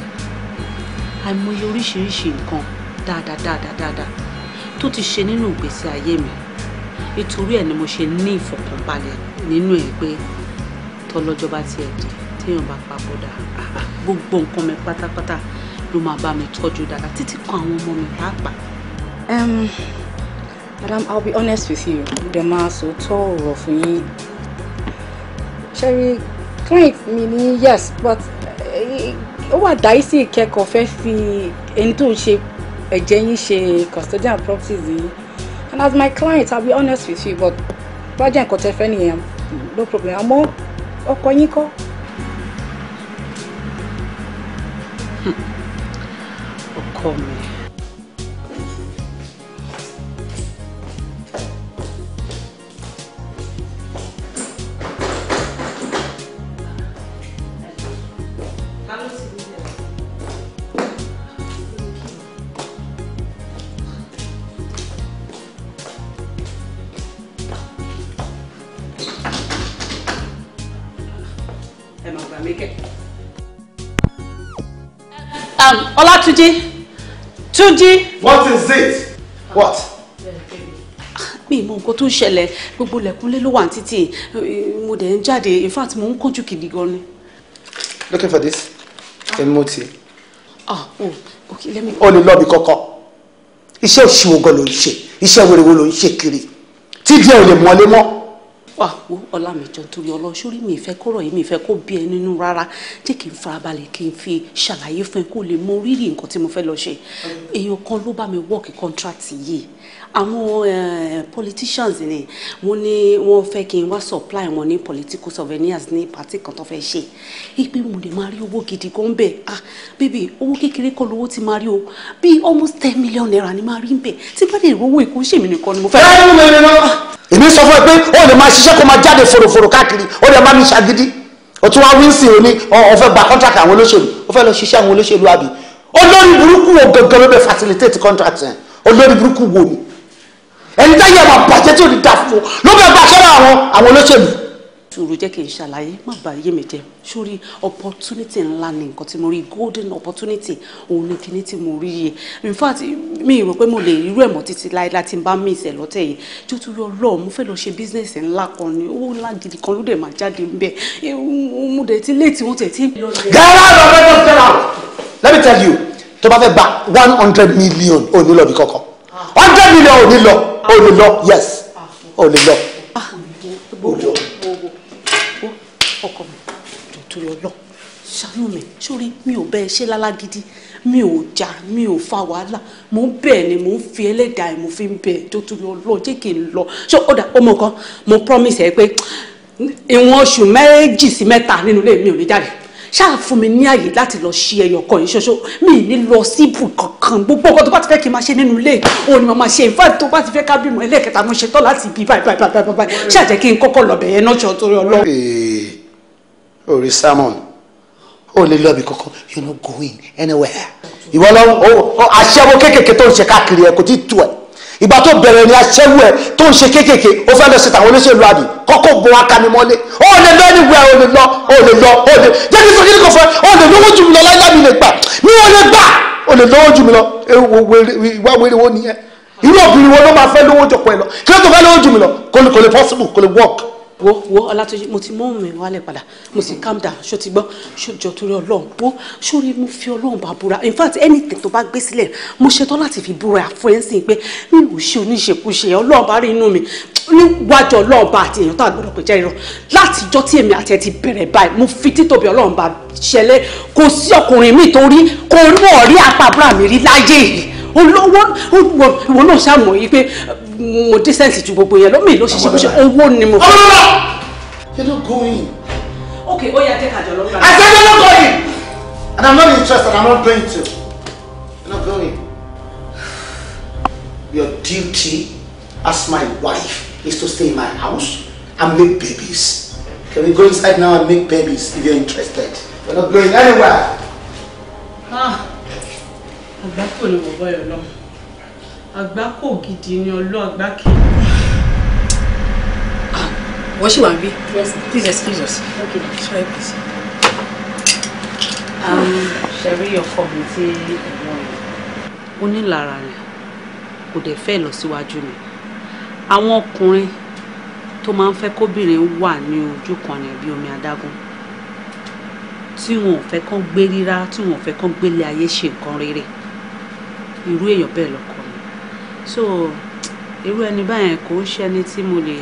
àìmọye oríṣiríṣi nǹkan dáadáadáadáa tó ti ṣe nínú ìgbésí ayé mi nítorí ẹ̀ ni mo ṣe ní ìfọ̀kànbalẹ̀ nínú ẹ̀ pé tọ́lọ́jọ́ bá tiẹ̀ dé téèyàn bá papòdà gbogbo nǹkan mi pátápátá ló máa bá mi tọ́jú dáadáa títí kan àwọn ọmọ mi pàápàá. madam i'll be honest with you dẹ̀ máa sọ tọ́ ọ̀rọ̀ fún yín client mi ní yes but eh, ó wà dáísì ìkẹ́kọ̀ọ́ fẹ́ fi ẹni tó ń ṣe ẹ̀jẹ̀ yín ṣe custodian properties yìí and as my client I'll be honest with you but bájẹ́ nǹkan tẹ́ fẹ́ nìyẹn no problem àmọ́ ọkọ yín kọ́. ọkọ mi Um, lékẹ̀. Ọlátúnjí Túnjí. What is it? What? mi mọ nǹkan tó ń ṣẹlẹ̀ gbogbo lẹ̀kúnlé ló wà ní títì mo dẹ̀ ń in fact mo ń kánjú gan ni. looking for this emoti. ah oh okay let me. o lè lọ́ọ̀bì kọ́kọ́ iṣẹ́ òṣìwò gan ló ń ṣe iṣẹ́ wèrèwò ló ń ṣe kiri tí díẹ̀ mo. lè mọ́lé wà wọ ọlámìjọ torí ọlọ́sórí mi ìfẹ́ kọ́rọ̀ yìí mi ìfẹ́ kó bí ẹ nínú rárá jẹ́ kí n farabalẹ̀ kí n fi ṣàlàyé fún ẹ kó lè mọ rírì nǹkan tí mo fẹ́ lọ ṣe èèyàn kan ló bá mi wọ́ọ̀kì contract yìí àwọn eh, politicians ni wọ́n ní wọ́n fẹ́ kí n wá supply wọn ní political souvenirs ní pàtí kan tó fẹ́ ṣe ipe mo lè máa rí owó gidi kan bẹ́ẹ̀ ah bébì owó kékeré kan lówó ti máa rí o bí almost ten million naira ni máa rí ń bẹ̀ tí bá lè rówó èkó ṣèmi nìkan ni mo fẹ́. èmi sọ fún ẹ pé ó lè máa ṣiṣẹ́ kó máa jáde fòròfòrò káàkiri ó lè máa ní ṣàgídí ó tún wá wíńsì òní ó fẹ́ gba contract àwọn olóṣèlú ó fẹ́ lọ ṣiṣẹ́ àwọn olóṣèlú àbí olórí burúkú wo gangan ló bẹ facilitate contract yẹn olórí burúkú wo ni ẹni táyé máa bàjẹ́ tí ò ní dà fún ló bẹ bá aṣọ́ra àwọn àwọn olóṣèlú. sùúrù jẹ́ kí n ṣàlàyé má bà yé mi jẹ́ sórí opportunity ńlá ni nǹkan tí mo rí golden opportunity òun ni kíní tí mo rí yẹ in fact mi rò pé mo lè irú ẹ̀ mọ́ títí láyé láti bá mi ìṣẹ̀ lọ́tẹ̀ yìí tí ó tún yọ lọ́ọ̀ mo fẹ́ lọ ṣe business ńlá kan ni owó ńlá gidi kan ló dẹ̀ máa jáde ńbẹ mo dẹ̀ ti léètì wọ́n tẹ̀ tí. gàrà lọ fẹ́ lọ fẹ́ ra let me tell you tó bá fẹ́ gba one hundred million ò ní lọ́ọ̀bì kankan hundred million ò ní lọ ò lọ yes ò ní lọ. ọkọ mi dòtò yọ lọ ṣàánú mi sórí mi ò bẹ́ẹ̀ ṣe lálágídí mi ò jà mi ò fa wàhálà mò ń bẹ̀ ni mò ń fi ẹlẹ́dàá mo fi ń bẹ̀ tó tún lọ lọ jẹ́ kí n lọ ṣé ó ọmọ kan mo promise ẹ pé ìwọ̀n oṣù méjì sí mẹ́ta nínú ilé mi ò ní jáde ṣáà fún mi ní àyè láti lọ ṣí ẹyọ kan yìí ṣoṣo mi ní lọ sí ibù kankan gbogbo nǹkan tó bá ti fẹ́ kí n máa ṣe nínú ilé òun ni mo máa ṣe ìfà tó bá ti fẹ́ ká bímọ ẹlẹ́ẹ̀kẹta mo ṣetán láti ibi báyìí báyìí báyìí báyìí ṣáà jẹ́ kí n kọ́kọ́ lọ bẹ̀yẹn náà ṣọ́ torí ọlọ́run. orí salmon ó lè lọ kankan you no go in anywhere ìwọ lọ aṣẹ́wó kéékèèké tó ń ṣe káàkiri ẹ̀ kò tí ì tu ẹ̀ ìgbà tó bẹ̀rẹ̀ ní aṣẹ́wó ẹ̀ tó ń ṣe kéékèèké ó fẹ́ lọ sí tàwọn olóṣèlú àbí kọ́kọ́ bo akanimọ́lé ó lè lọ ẹni wẹ̀ ó lè lọ ó lè lọ ó lè jẹ́ni sọ kíni kò fẹ́ ó lè lówó jù mí lọ láyé mi lè gbà mi ò lè gbà ó lè lówó jù mí lọ ìwà wèrè wo nìyẹn irú obìnrin wo ló máa fẹ́ lówó jọpọ̀ ẹ̀ lọ kí ló tó fẹ́ lówó jù mí lọ kò lè possible kò lè work wo wo ọlátúnjì mo ti mú mi wálẹ̀ padà mo sì calm down ṣó ti gbọ́ ṣó jọ torí ọlọ́run wo sórí mo fi ọlọ́run bá búra in fact anything tó bá gbé sílẹ̀ mo ṣetán láti fi búra fún ẹ̀ ń sìn pé mi ò ṣe oníṣekúṣe ọlọ́run bá rí inú mi níwájú ọlọ́run bá àti èèyàn tó àgbọ̀dọ̀ pé jẹ́ irọ́ láti ìjọ tí èmi àti ẹ ti bẹ̀rẹ̀ báyìí mo fi títóbi ọlọ́run bá ṣẹlẹ̀ kò sí ọkùnrin mi tó rí kò rí ọ̀rí apá àbúrà mi rí láyé yìí olówó ìwọ náà ṣàmọ̀ yìí pé mo decent ju gbogbo yẹn lọ ló ṣiṣẹ́ bó ṣe owó ni mo. ọlọ́lọ́ you no go in. ok ó yà jẹ́ kájọ lọ́gbà. I said you no go in and I'm not interested I'm not going to you no go in. your duty as my wife is to stay in my house and make babies. Can we go inside now and make babies if you're interested? We're not going anywhere. Ah, I'm back to the mobile now àgbákò gidi ni ọlọ́ àgbákè. Ah, wọ́n ṣì wà bí please excuse us okay. sorry please. Ah. Um, ṣe rí ọkọ mi tí ẹ̀gbọ́n rẹ̀. ó ní lára rẹ̀ kò dẹ̀ fẹ́ lọ síwájú ni àwọn ọkùnrin tó máa ń fẹ́ kóbìnrin wà ní ojú kan ní bí omi adágún tí wọn ò fẹ́ kán gbé rírá tí wọn ò fẹ́ kán gbélé ayé ṣe nǹkan rere irú èèyàn bẹ́ẹ̀ lọ́kọ so irú ẹni báyẹn kò ń ṣẹni tí mo lè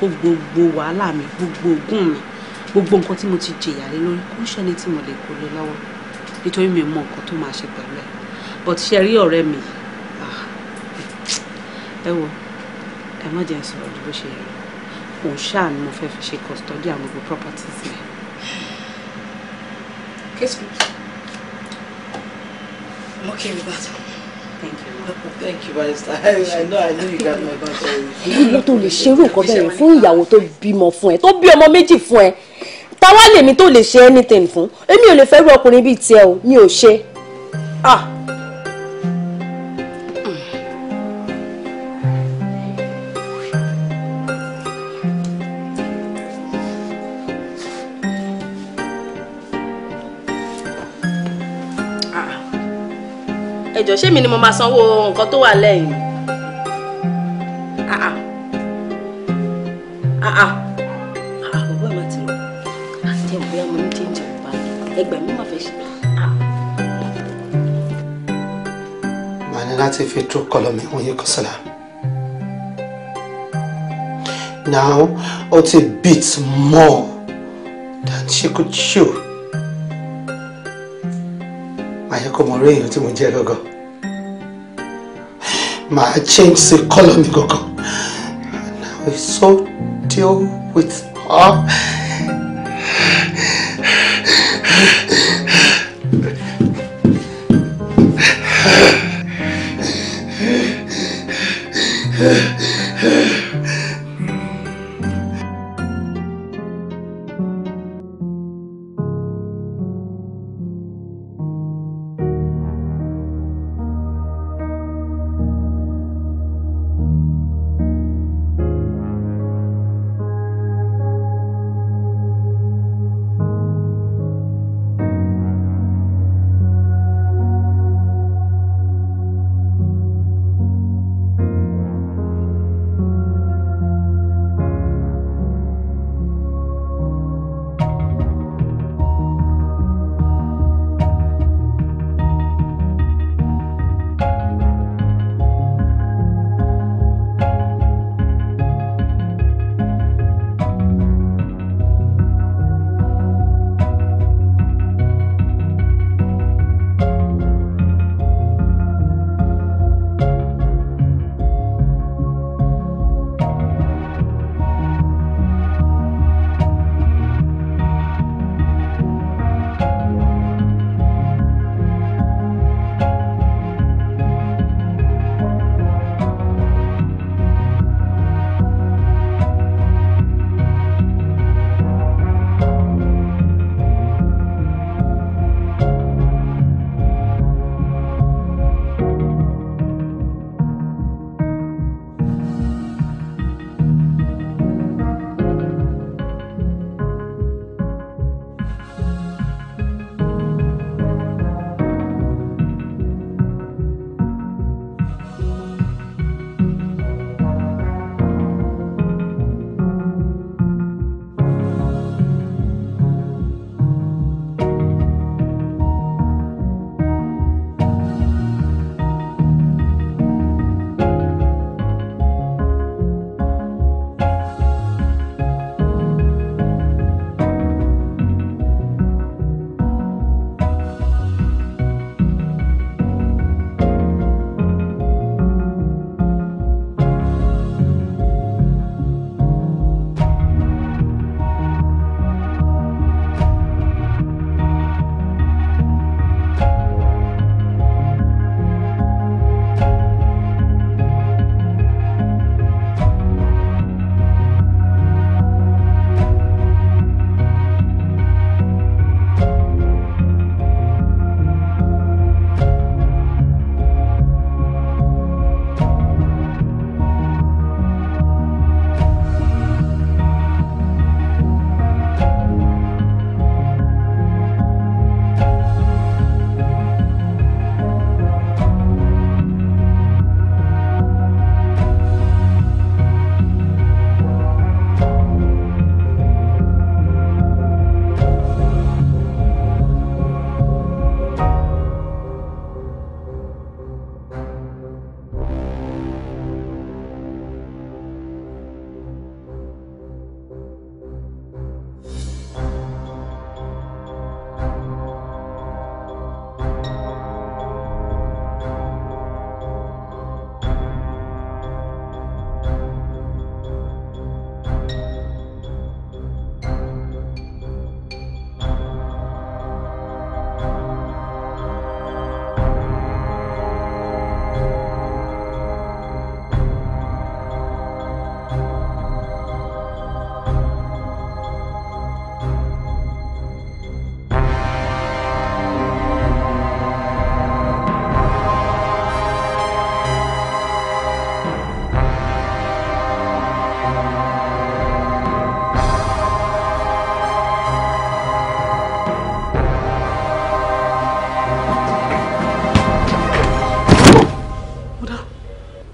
kó gbogbo wàhálà mi gbogbo ogún mi gbogbo nǹkan tí mo ti jìyà lé lórí kò ń ṣẹni tí mo lè kó lé lọ́wọ́ nítorí mi mọ nǹkan tó máa ṣe pẹ̀lú ẹ̀ but ṣe rí ọ̀rẹ́ mi ah, ẹ wo ẹ má jẹ́ sọ̀rọ̀ ju bó ṣe yẹ òun ṣáà ni mo fẹ́ fi ṣe custody àwọn gbogbo properties mi. case please. I'm okay with that thank you barrister i know i know you got my back always. mo tó lè ṣerú nǹkan bẹ́ẹ̀ yẹn fún ìyàwó tó bímọ fún ẹ tó bí ọmọ méjì fún ẹ táwa lèmi tó lè ṣe anything fún èmi ò lè fẹ́ rú ọkùnrin bíi tiẹ̀ o mi ò ṣe ah. jọ ṣé mi ni mo máa sanwó nǹkan tó wà lẹ́yìn màá ní láti fi true colour mi wọ́n yí kọ́ sílá. now it's a bit more than she could show. àyẹ̀kọ́ mọ̀ rí èèyàn tí mo jẹ́ lọ́gọ́. My change color kọ́lọ̀ mi gangan now it's so deal with her.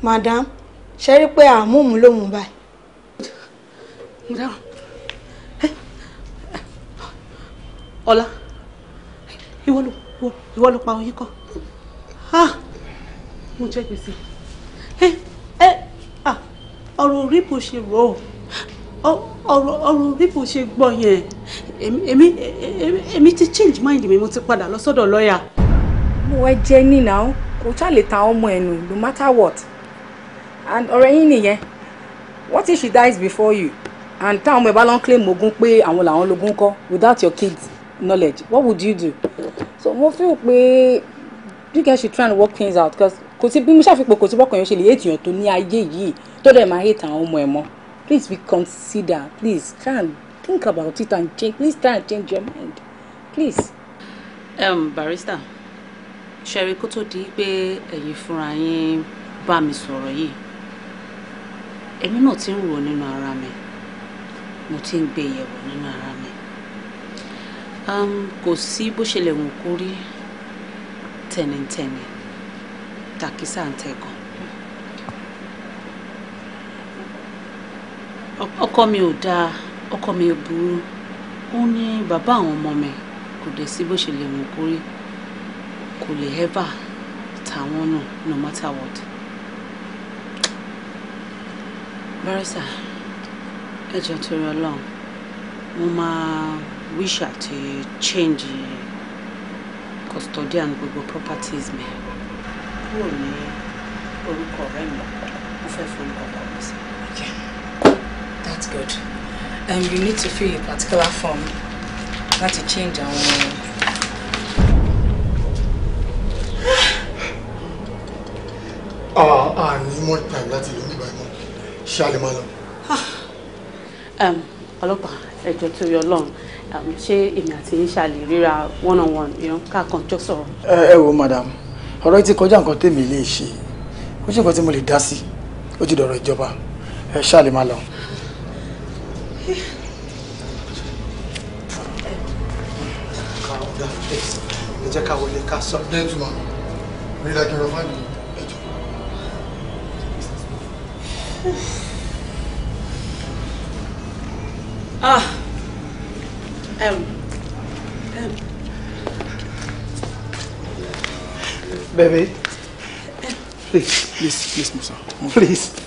madam ṣe rí pé àmúhùn lòun báyìí. madam eh, eh, ọlá ìwọ ló ìwọ ló pa oyin kọ mo jẹ gbèsè eh, ah, ọ̀rọ̀ orí bò ṣe rò ó ọ̀rọ̀ orí bò ṣe gbọ́ yẹn èmi èmi ti change mind mi mo ti padà lọ sọ́dọ̀ lọ́ọ̀yà. mo wẹ́ jẹ́ nínà kò ṣàlè ta ọmọ ẹ̀nù no matter what and ọ̀rẹ́ yín nìyẹn what if she dies before you and táwọn ọmọ ẹ̀ bá lọ́n claim ogún pé àwọn làwọn lógún kọ́ without your kids knowledge what would you do so mo feel pé you guys should try and work things out because kò sí bí mo ṣàfihàn kò sí bọ́kàn yẹn ṣe lè ètìyàn tó ní ayé yìí tó dẹ̀ máa hate àwọn ọmọ ẹ̀ mọ́ please be consider please try and think about it and change please try and change your mind please. Um, barrister ṣe rí kó tó di pé ẹ̀yin fúnra yín bá mi sọ̀rọ̀ yìí èmi náà ti ń rò nínú ara mi mo ti ń gbé yẹ̀wò nínú ara mi kò sí bó ṣe lè wù kó rí tẹ̀nìtẹ̀nì tàkísà ń tẹ̀gàn ọkọ mi ò dáa ọkọ mi burú ó ní bàbá àwọn ọmọ mi kò dé sí bó ṣe lè wù kó rí kò lè ever tàwọn nù no matter what. barrister ẹ jọ̀ọ́ torí Ọlọ́run mo máa wish àti change custodian gbogbo properties mi kúrò ní orúkọ ọ̀rẹ́ mi mo fẹ́ forúkọ ọkọ mi sí. okay that's good um, you need to fill a particular form láti change àwọn. Ah, ah, need more time láti lò ṣé a lè máa lọ. Ah, um, ọlọ́pàá ẹjọ́ tó yọ lọ́run um, ṣé èmi àti yín ṣàlè ríra one on one ìran káàkan jọ sọ̀rọ̀. ẹ wo madam ọ̀rọ̀ yìí ti kọjá nǹkan tèmi lè ṣe ó ṣe nǹkan tí mo lè dá sí ó ti dọ̀rọ̀ ìjọba ẹ ṣáà lè máa lọ. ẹ jẹ́ ká wọlé ká sọ. gentleman rí i like you're a Ah. Um. Um. Baby. Please, please, please, Musa. Please.